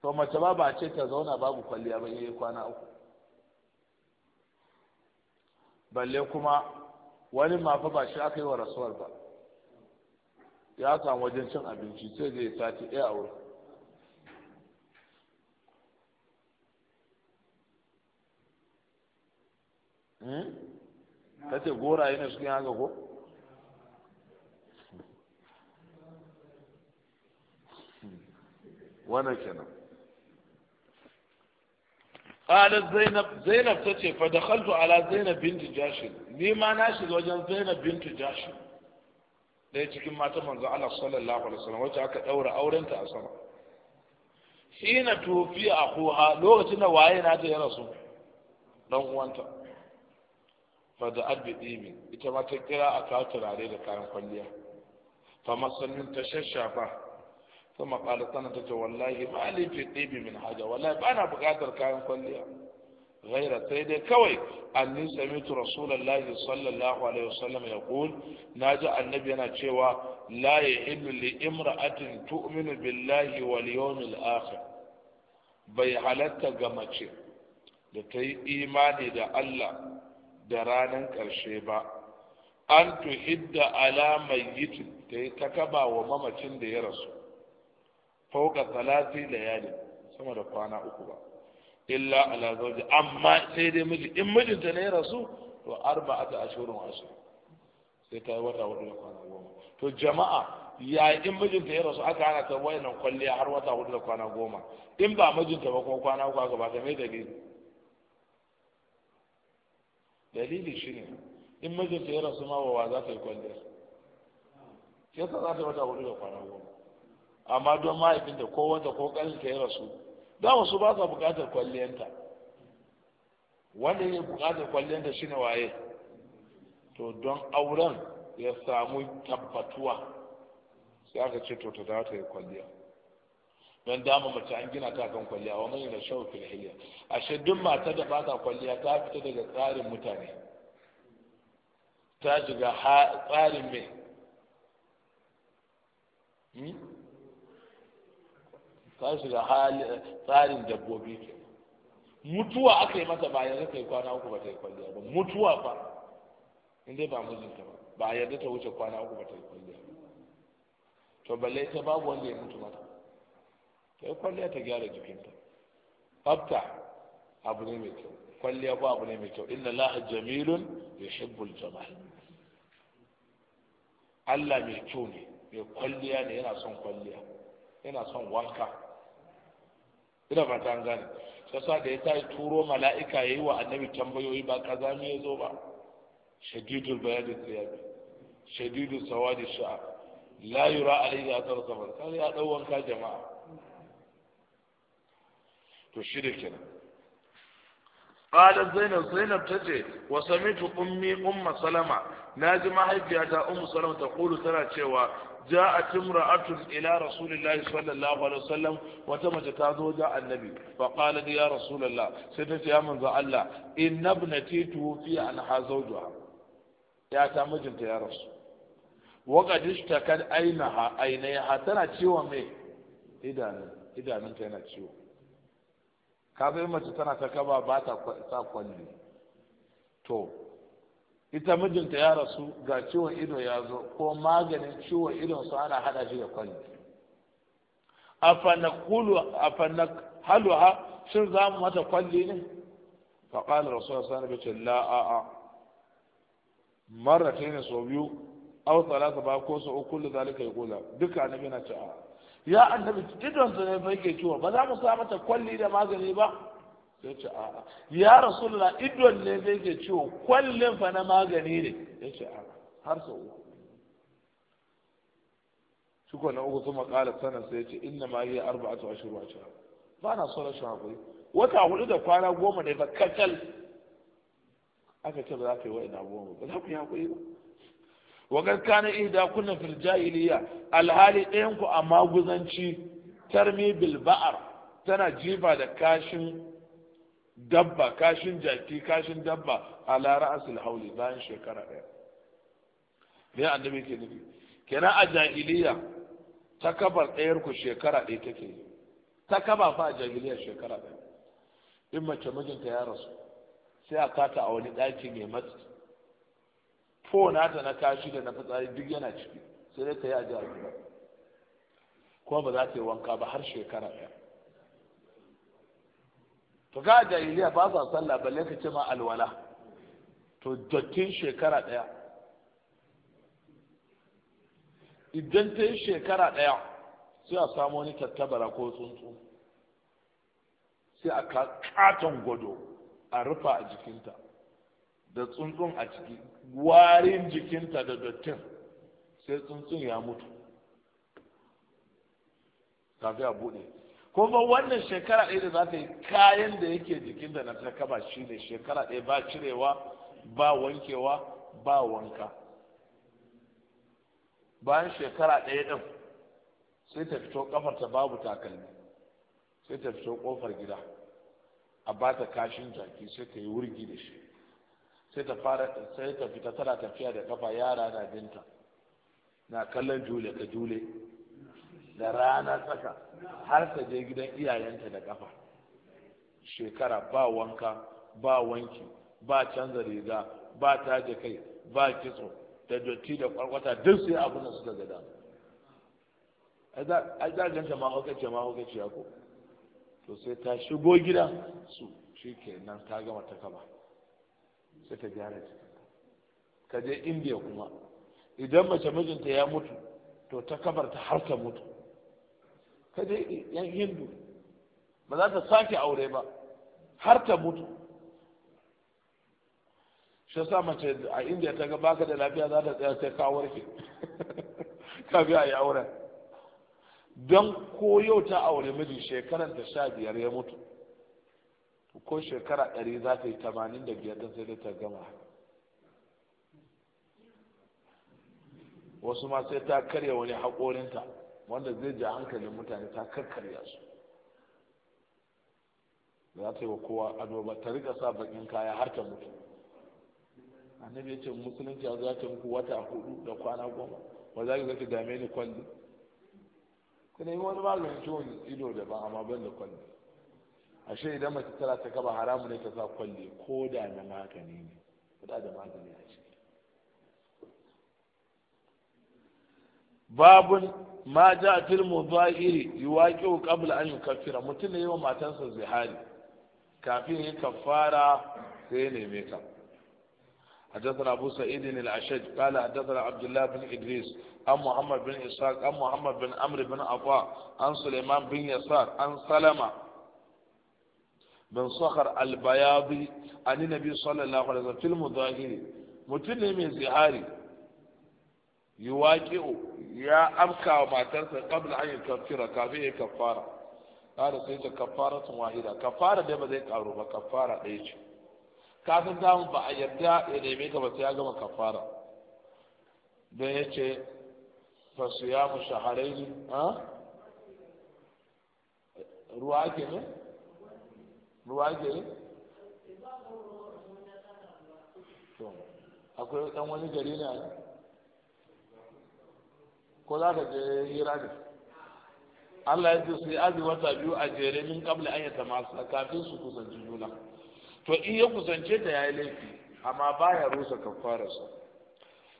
to mace ba ba ce ta zauna babu kwalliya ba yi kwana uku balle kuma wani ma fa ba shi aka yi wa rasuwar ba ya samu wajen cin abinci sai zai sati ɗaya a wurin ta hmm? ce goraye ne suke haka ko hmm. wannan kenan قالت زينب زينب تتي فدخلت على زينب بنت جاش ni ma na shiga wajen Zainab bintu Jashi ɗaya cikin matan manzo Allah sallallahu alaihi wasallam wacce aka daura aurenta a sama hina tufi akuha lokacin da waye na ta ya rasu dan uwanta fa da abdi ita ma ta kira a kawo turare da kayan kwalliya fa masannin ta shashafa ثم قال سنة والله ما لي في طيبي من حاجة والله أنا بقادر كان كليا غير سيدي كوي أني سمعت رسول الله صلى الله عليه وسلم يقول ناجى النبي أنا تشوى لا يحل لامرأة تؤمن بالله واليوم الآخر bai halatta ga mace da ta yi imani da Allah da ranar ƙarshe ba an tuhidda ala mai ta yi takaba wa mamacin da ya rasu fauka salati layali sama da kwana uku ba illa ala zawji amma sai dai miji in mijinta ne ya rasu to arba ashhurun wa ashr sai ta yi wata hudu da kwana goma to jama'a ya in mijinta ya rasu aka hana ta wayannan kwalliya har wata hudu da kwana goma in ba mijinta ba ko kwana uku aka ba ta mai dalili dalili shine in mijinta ya rasu ma ba wa za ta yi kwalliya sai ta za ta yi wata hudu da kwana goma amma don mahaifinta ko wanda ko ƙaninta ya rasu da wasu ba sa buƙatar kwalliyanta wanda ya bukatar kwalliyanta shine waye to don auren ya samu tabbatuwa sai aka ce to ta dawo ta yi kwalliya don dama mace an gina ta kan kwalliya wa mai da shau filhiliya ashe duk matar da ba ta kwalliya ta fita daga tsarin mutane ta shiga tsarin mai ka shiga tsarin dabbobi ke mutuwa aka yi mata ba yanzu yi kwana uku ba ta yi kwalliya ba mutuwa fa in ba mijinta ba ba yarda ta wuce kwana uku ba ta yi kwalliya ba to balle ta babu wanda ya mutu mata ta yi kwalliya ta gyara jikinta tsafta abu ne mai kyau kwalliya ko abu ne mai kyau inna laha jamilun ya shibbul jamal Allah mai kyau ne mai kwalliya ne yana son kwalliya yana son wanka ina ba ta gane sa da ya tashi turo mala'ika yayi wa annabi tambayoyi ba kaza ne yazo ba shadidul bayad thiyabi shadidul sawad sha'a la yura alayhi athar safar sai ya dau wanka jama'a to shi da kenan قالت زينب زينب تجي وسمعت أمي umma salama ناجي ما هي بياتا أم سلمة تقول ترى شوى جاءت امرأة إلى رسول الله صلى الله عليه وسلم وتم تتازوج النبي فقال لي يا رسول الله سيدت يا من الله إن ابنتي توفي عنها زوجها يا تامجنت يا رسول وقد اشتكت أينها أينها تنا تشيوى مي إذا إذا من أنا تشيوى كابي ما تتنا تكبا باتا تاكواني تو ita mijinta ya rasu ga ciwon ido ya zo ko maganin ciwon idon su ana hada shi da kwalli afanna haluha shin za mu mata kwalli ne faƙalar rasulullah sallallahu alaihi wasallam la a'a marra ne sau biyu aw talata ba ko sau uku da zalika ya kula duka annabi na ce ya annabi idon sa ne fa yake ciwo ba za mu sa mata kwalli da magani ba ya ce a'a ya rasulullah idon ne zai ke ciwo kwallon fa na magani ne ya ce a har sau uku cikon na uku kuma kala sanar sai ya ce inna ma yi a tuwa a ce ba na so rashin haƙuri wata hudu da kwana goma ne ba kacal aka ce ba za ka yi wa'ina goma ba za ku yi hakuri ba wagar kana ihda kunna fil jahiliya alhali ɗayan ku a maguzanci tarmi bil ba'ar tana jifa da kashin dabba kashin jaki kashin dabba a lara asil hauli bayan shekara ɗaya me annabi ke nufi kenan a jahiliya ta kabar ɗayar ku shekara ɗaya take yi ta kaba fa a jahiliya shekara ɗaya in mace mijinta ya rasu sai a kata a wani ɗaki mai matsi fo nata na kashi da na fitsari duk yana ciki sai dai ta yi a jahiliya. kuma ba za ta yi wanka ba har shekara ɗaya to ga jahiliya ba sa sallah balle ka ce ma alwala to dattin shekara ɗaya idan ta yi shekara ɗaya sai a samu wani tattabara ko tsuntsu sai a katon gwado a rufa a jikinta da tsuntsun a ciki warin jikinta da dattin sai tsuntsun ya mutu kafin a buɗe Ko ba wannan shekara ɗaya da za ta yi kayan da yake jikin da na ta kaba shi ne shekara ɗaya ba cirewa ba wankewa ba wanka bayan shekara ɗaya ɗin sai ta fito ƙafar ta babu takalmi sai ta fito ƙofar gida a ba ta kashin jaki sai ta yi wurgi da shi sai ta fara sai ta fita tana tafiya da kafa yara na binta na kallon jule ka jule da rana tsaka har ta je gidan iyayenta da kafa shekara ba wanka ba wanki ba canza riga ba taje kai ba kitso da dotti da kwarkwata duk sai abin da suka gada ai za ganta ma hukace ma hukace ya ko to sai ta shigo gida su shi ke nan ta gama ta kama sai ta gyara ta ka je indiya kuma idan mace mijinta ya mutu to ta kabar ta har ta mutu Ka je yan hindu ba za ta sake aure ba har ta mutu shi sa mace a indiya ta ga baka da lafiya za ta tsaya sai kawar ki, ka biya ya auren don ko yau ta aure miji shekaran ta sha biyar ya mutu ko shekara ɗari za ta yi tamanin da biyar don sai dai ta gama wasu ma sai ta karya wani haƙorinta wanda zai ja hankalin mutane ta karkarya su za ta yi wa kowa annoba ta rika sa bakin kaya har ta mutu annabi ya ce musulunci a za ta muku wata hudu da kwana goma ba za ki zaki dame ni kwalli ku nemi wani maganin ciwon ido da ban amma ban da kwalli ashe idan mace tara ta kaba haramu ne ta sa kwalli ko da na magani ne ko da da magani a ciki babun ma ja fil mudhahiri yuwaqi'u qabla an yukaffira mutum ne yawa matansa zihari kafin yi kaffara sai ya neme ka حدثنا أبو سعيد الأشج قال حدثنا عبد الله بن إدريس عن محمد بن إسحاق عن محمد بن عمرو بن عطاء عن سليمان بن يسار عن سلمة بن صخر البياضي عن النبي صلى الله عليه وسلم في المظاهر متن من زهاري yuwaqi'u ya amka wa matarsa qabla an yukaffira kafin ya kafara. kada sai ta kaffara sun wahida kafara dai ba zai karu ba kafara ɗaya ce kafin damu ba a yarda ya neme ka ba sai ya gama kaffara don ya ce fa mu shaharaini ha ruwa ke ne ruwa ke ne akwai dan wani gari ne a ko za ka je hira ne Allah ya ce su yi azi wata biyu a jere min kabla an ta masa kafin su kusanci juna to in ya kusance ta yayi laifi amma baya rusa kafararsa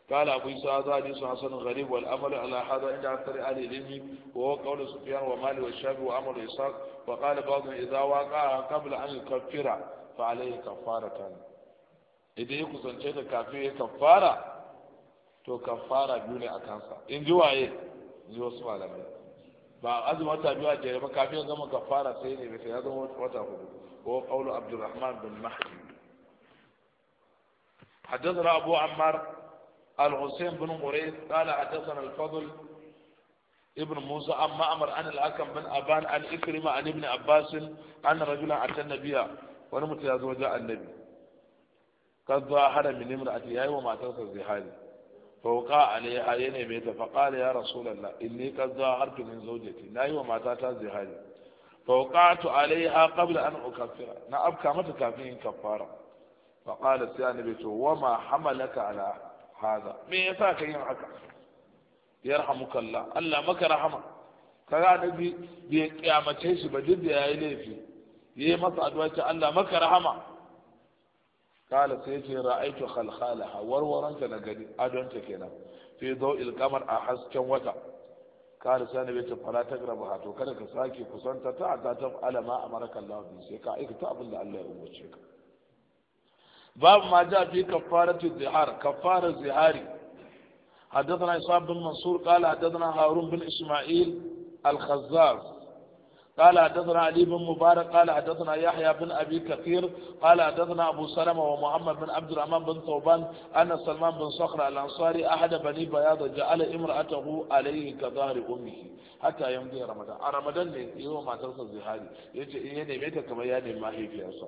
قال أبو عيسى هذا حديث حسن غريب والأمل على هذا عند أكثر علي العلم وهو قول سفيان ومالي والشافعي وأمر إسحاق وقال بعضهم إذا وقع قبل أن يكفر فعليه كفارة إذا يكسن شيء كافية كفارة to kafara biyu ne a kansa in ji waye in ji wasu malamai ba azumin wata biyu a jere ba kafin zama kafara sai ne bisa ya zama wata hudu ko kaulu abdurrahman bin mahdi حدثنا أبو عمار الحسين بن مريد قال حدثنا الفضل ابن موسى عن معمر عن الحكم بن أبان عن إكرمة عن ابن عباس أن رجلا أتى النبي ونمت يزوج النبي قد ظاهر من امرأته وما تنسى الزهاد fauka alaiha ya neme ta faƙala ya rasulallah inni qad zahartu min zawjati nayi wa ta zihari fauqatu alaiha qabla an ukaffira na afka mata kafin in kaffara faƙala sai annabi to wa ma hamalaka ala hada me yasa ka yin haka yarhamukallah Allah maka rahama kaga annabi bai kiyamace shi ba duk da yayi laifi yayi masa addu'a ce Allah maka rahama kala sai ce ra'aitu khalkhalaha warwaranta na gani adonta kenan fi dawil qamar a hasken wata kala sai ne ce fara ta graba to kada ka sake kusanta ta ta ta alama amaraka Allah bi sai ka aikata abin da Allah ya umarce ka باب ما جاء في كفارة الزهار كفارة الزهاري حدثنا إصحاب بن منصور قال حدثنا هارون بن إسماعيل الخزاز قال حدثنا علي بن مبارك قال حدثنا يحيى بن ابي كثير قال حدثنا ابو سلمه ومحمد بن عبد الرحمن بن ثوبان ان سلمان بن صخر الانصاري احد بني بياض جعل امراته عليه كظهر امه حتى يمضي رمضان رمضان ne yawa matarsa zihari yace in ya neme ta kamar ya nemi mahaifiyarsa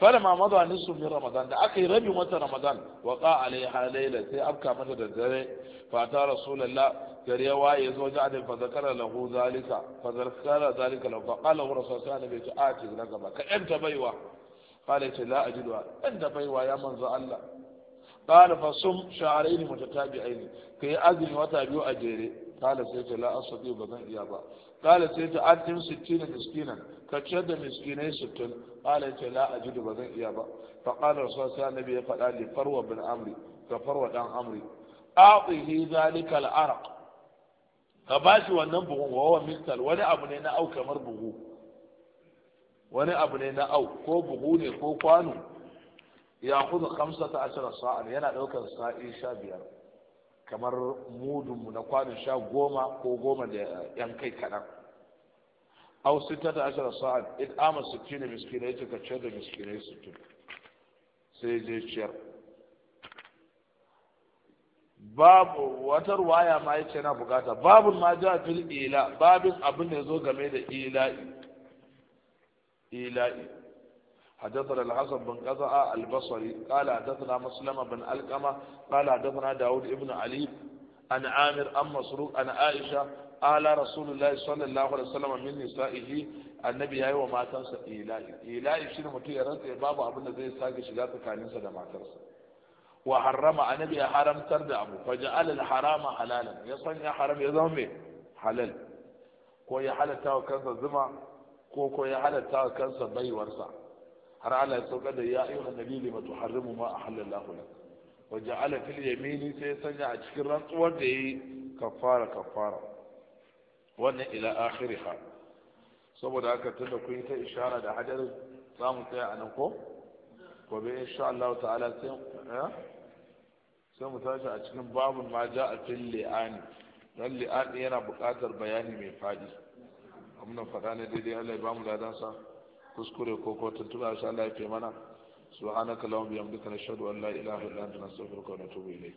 فلما مضى نصف من رمضان ده أكي ربي وانت رمضان وقع عليها ليلة أبكى مدى الدري فأتى رسول الله gari ya waye zo ji adin fazakara lahu zalika fazakara zalika lahu faqala hu rasul sallallahu alaihi wasallam bai ati na gaba ka yanta baiwa qala ce la ajidu yanta baiwa ya manzo Allah qala fa sum sha'rayn mutatabi'ain kai azumi wata biyu a jere qala sai ce la asbi ba zan iya ba qala sai ta atim 60 miskinan ka ciyar da miskinai 60 qala ta la ajidu ba zan iya ba fa qala rasul sallallahu alaihi wasallam ya faɗa li farwa bin amri ga farwa dan amri a'tihi zalika al ka ba shi wannan buhun wawa mistal wani abu ne na au kamar bugu. wani abu ne na au ko bugu ne ko kwano ya kudu kamsa ta ashirar sa'ar yana ɗaukar sa'i sha biyar kamar mudunmu na kwanon sha goma ko goma da yan kai kaɗan au sita ta ashirar sa'ar in ama sittin da miskinai cika ciyar da miskinai sutun, sai je ciyar babu wata ruwaya ma yace na bukata babu ma ja fil ila babin abin da yazo game da ila'i ila'i حدثنا الحسن بن قزعة البصري قال حدثنا مسلمة بن القمة قال حدثنا داود بن علي عن عامر عن مسروق عن عائشة قال رسول الله صلى الله عليه وسلم من نسائه annabi yayi wa matansa ila'i ila'i shine mutum ya rantsa babu abin da zai sake shiga tsakaninsa da matarsa wa harrama annabi ya haramtar da abu fa ja'ala al-harama halalan ya sanya haram ya zama mai halal ko ya halatta wa kansa zuma ko ko ya halatta wa kansa baiwarsa har Allah ya sauka da ya ayyuhan nabi lima tuharrimu ma ahallallahu lak wa ja'ala fil yamini sai sanya a cikin rantsuwar da yi kafara kafara wannan ila akhiriha saboda haka tunda kun yi ta ishara da hadarin za mu tsaya a nan ko gobe insha Allah ta'ala sai eh? sai mu tashi a cikin babun ma ja a fil li'ani dan li'ani yana buƙatar bayani mai faɗi amma faɗa ne daidai Allah ya bamu ladan sa kuskure ko ko tuntuba sha Allah ya fe mana subhanaka lahum bihamdika nashhadu an la ilaha illa anta nastaghfiruka wa natubu ilayk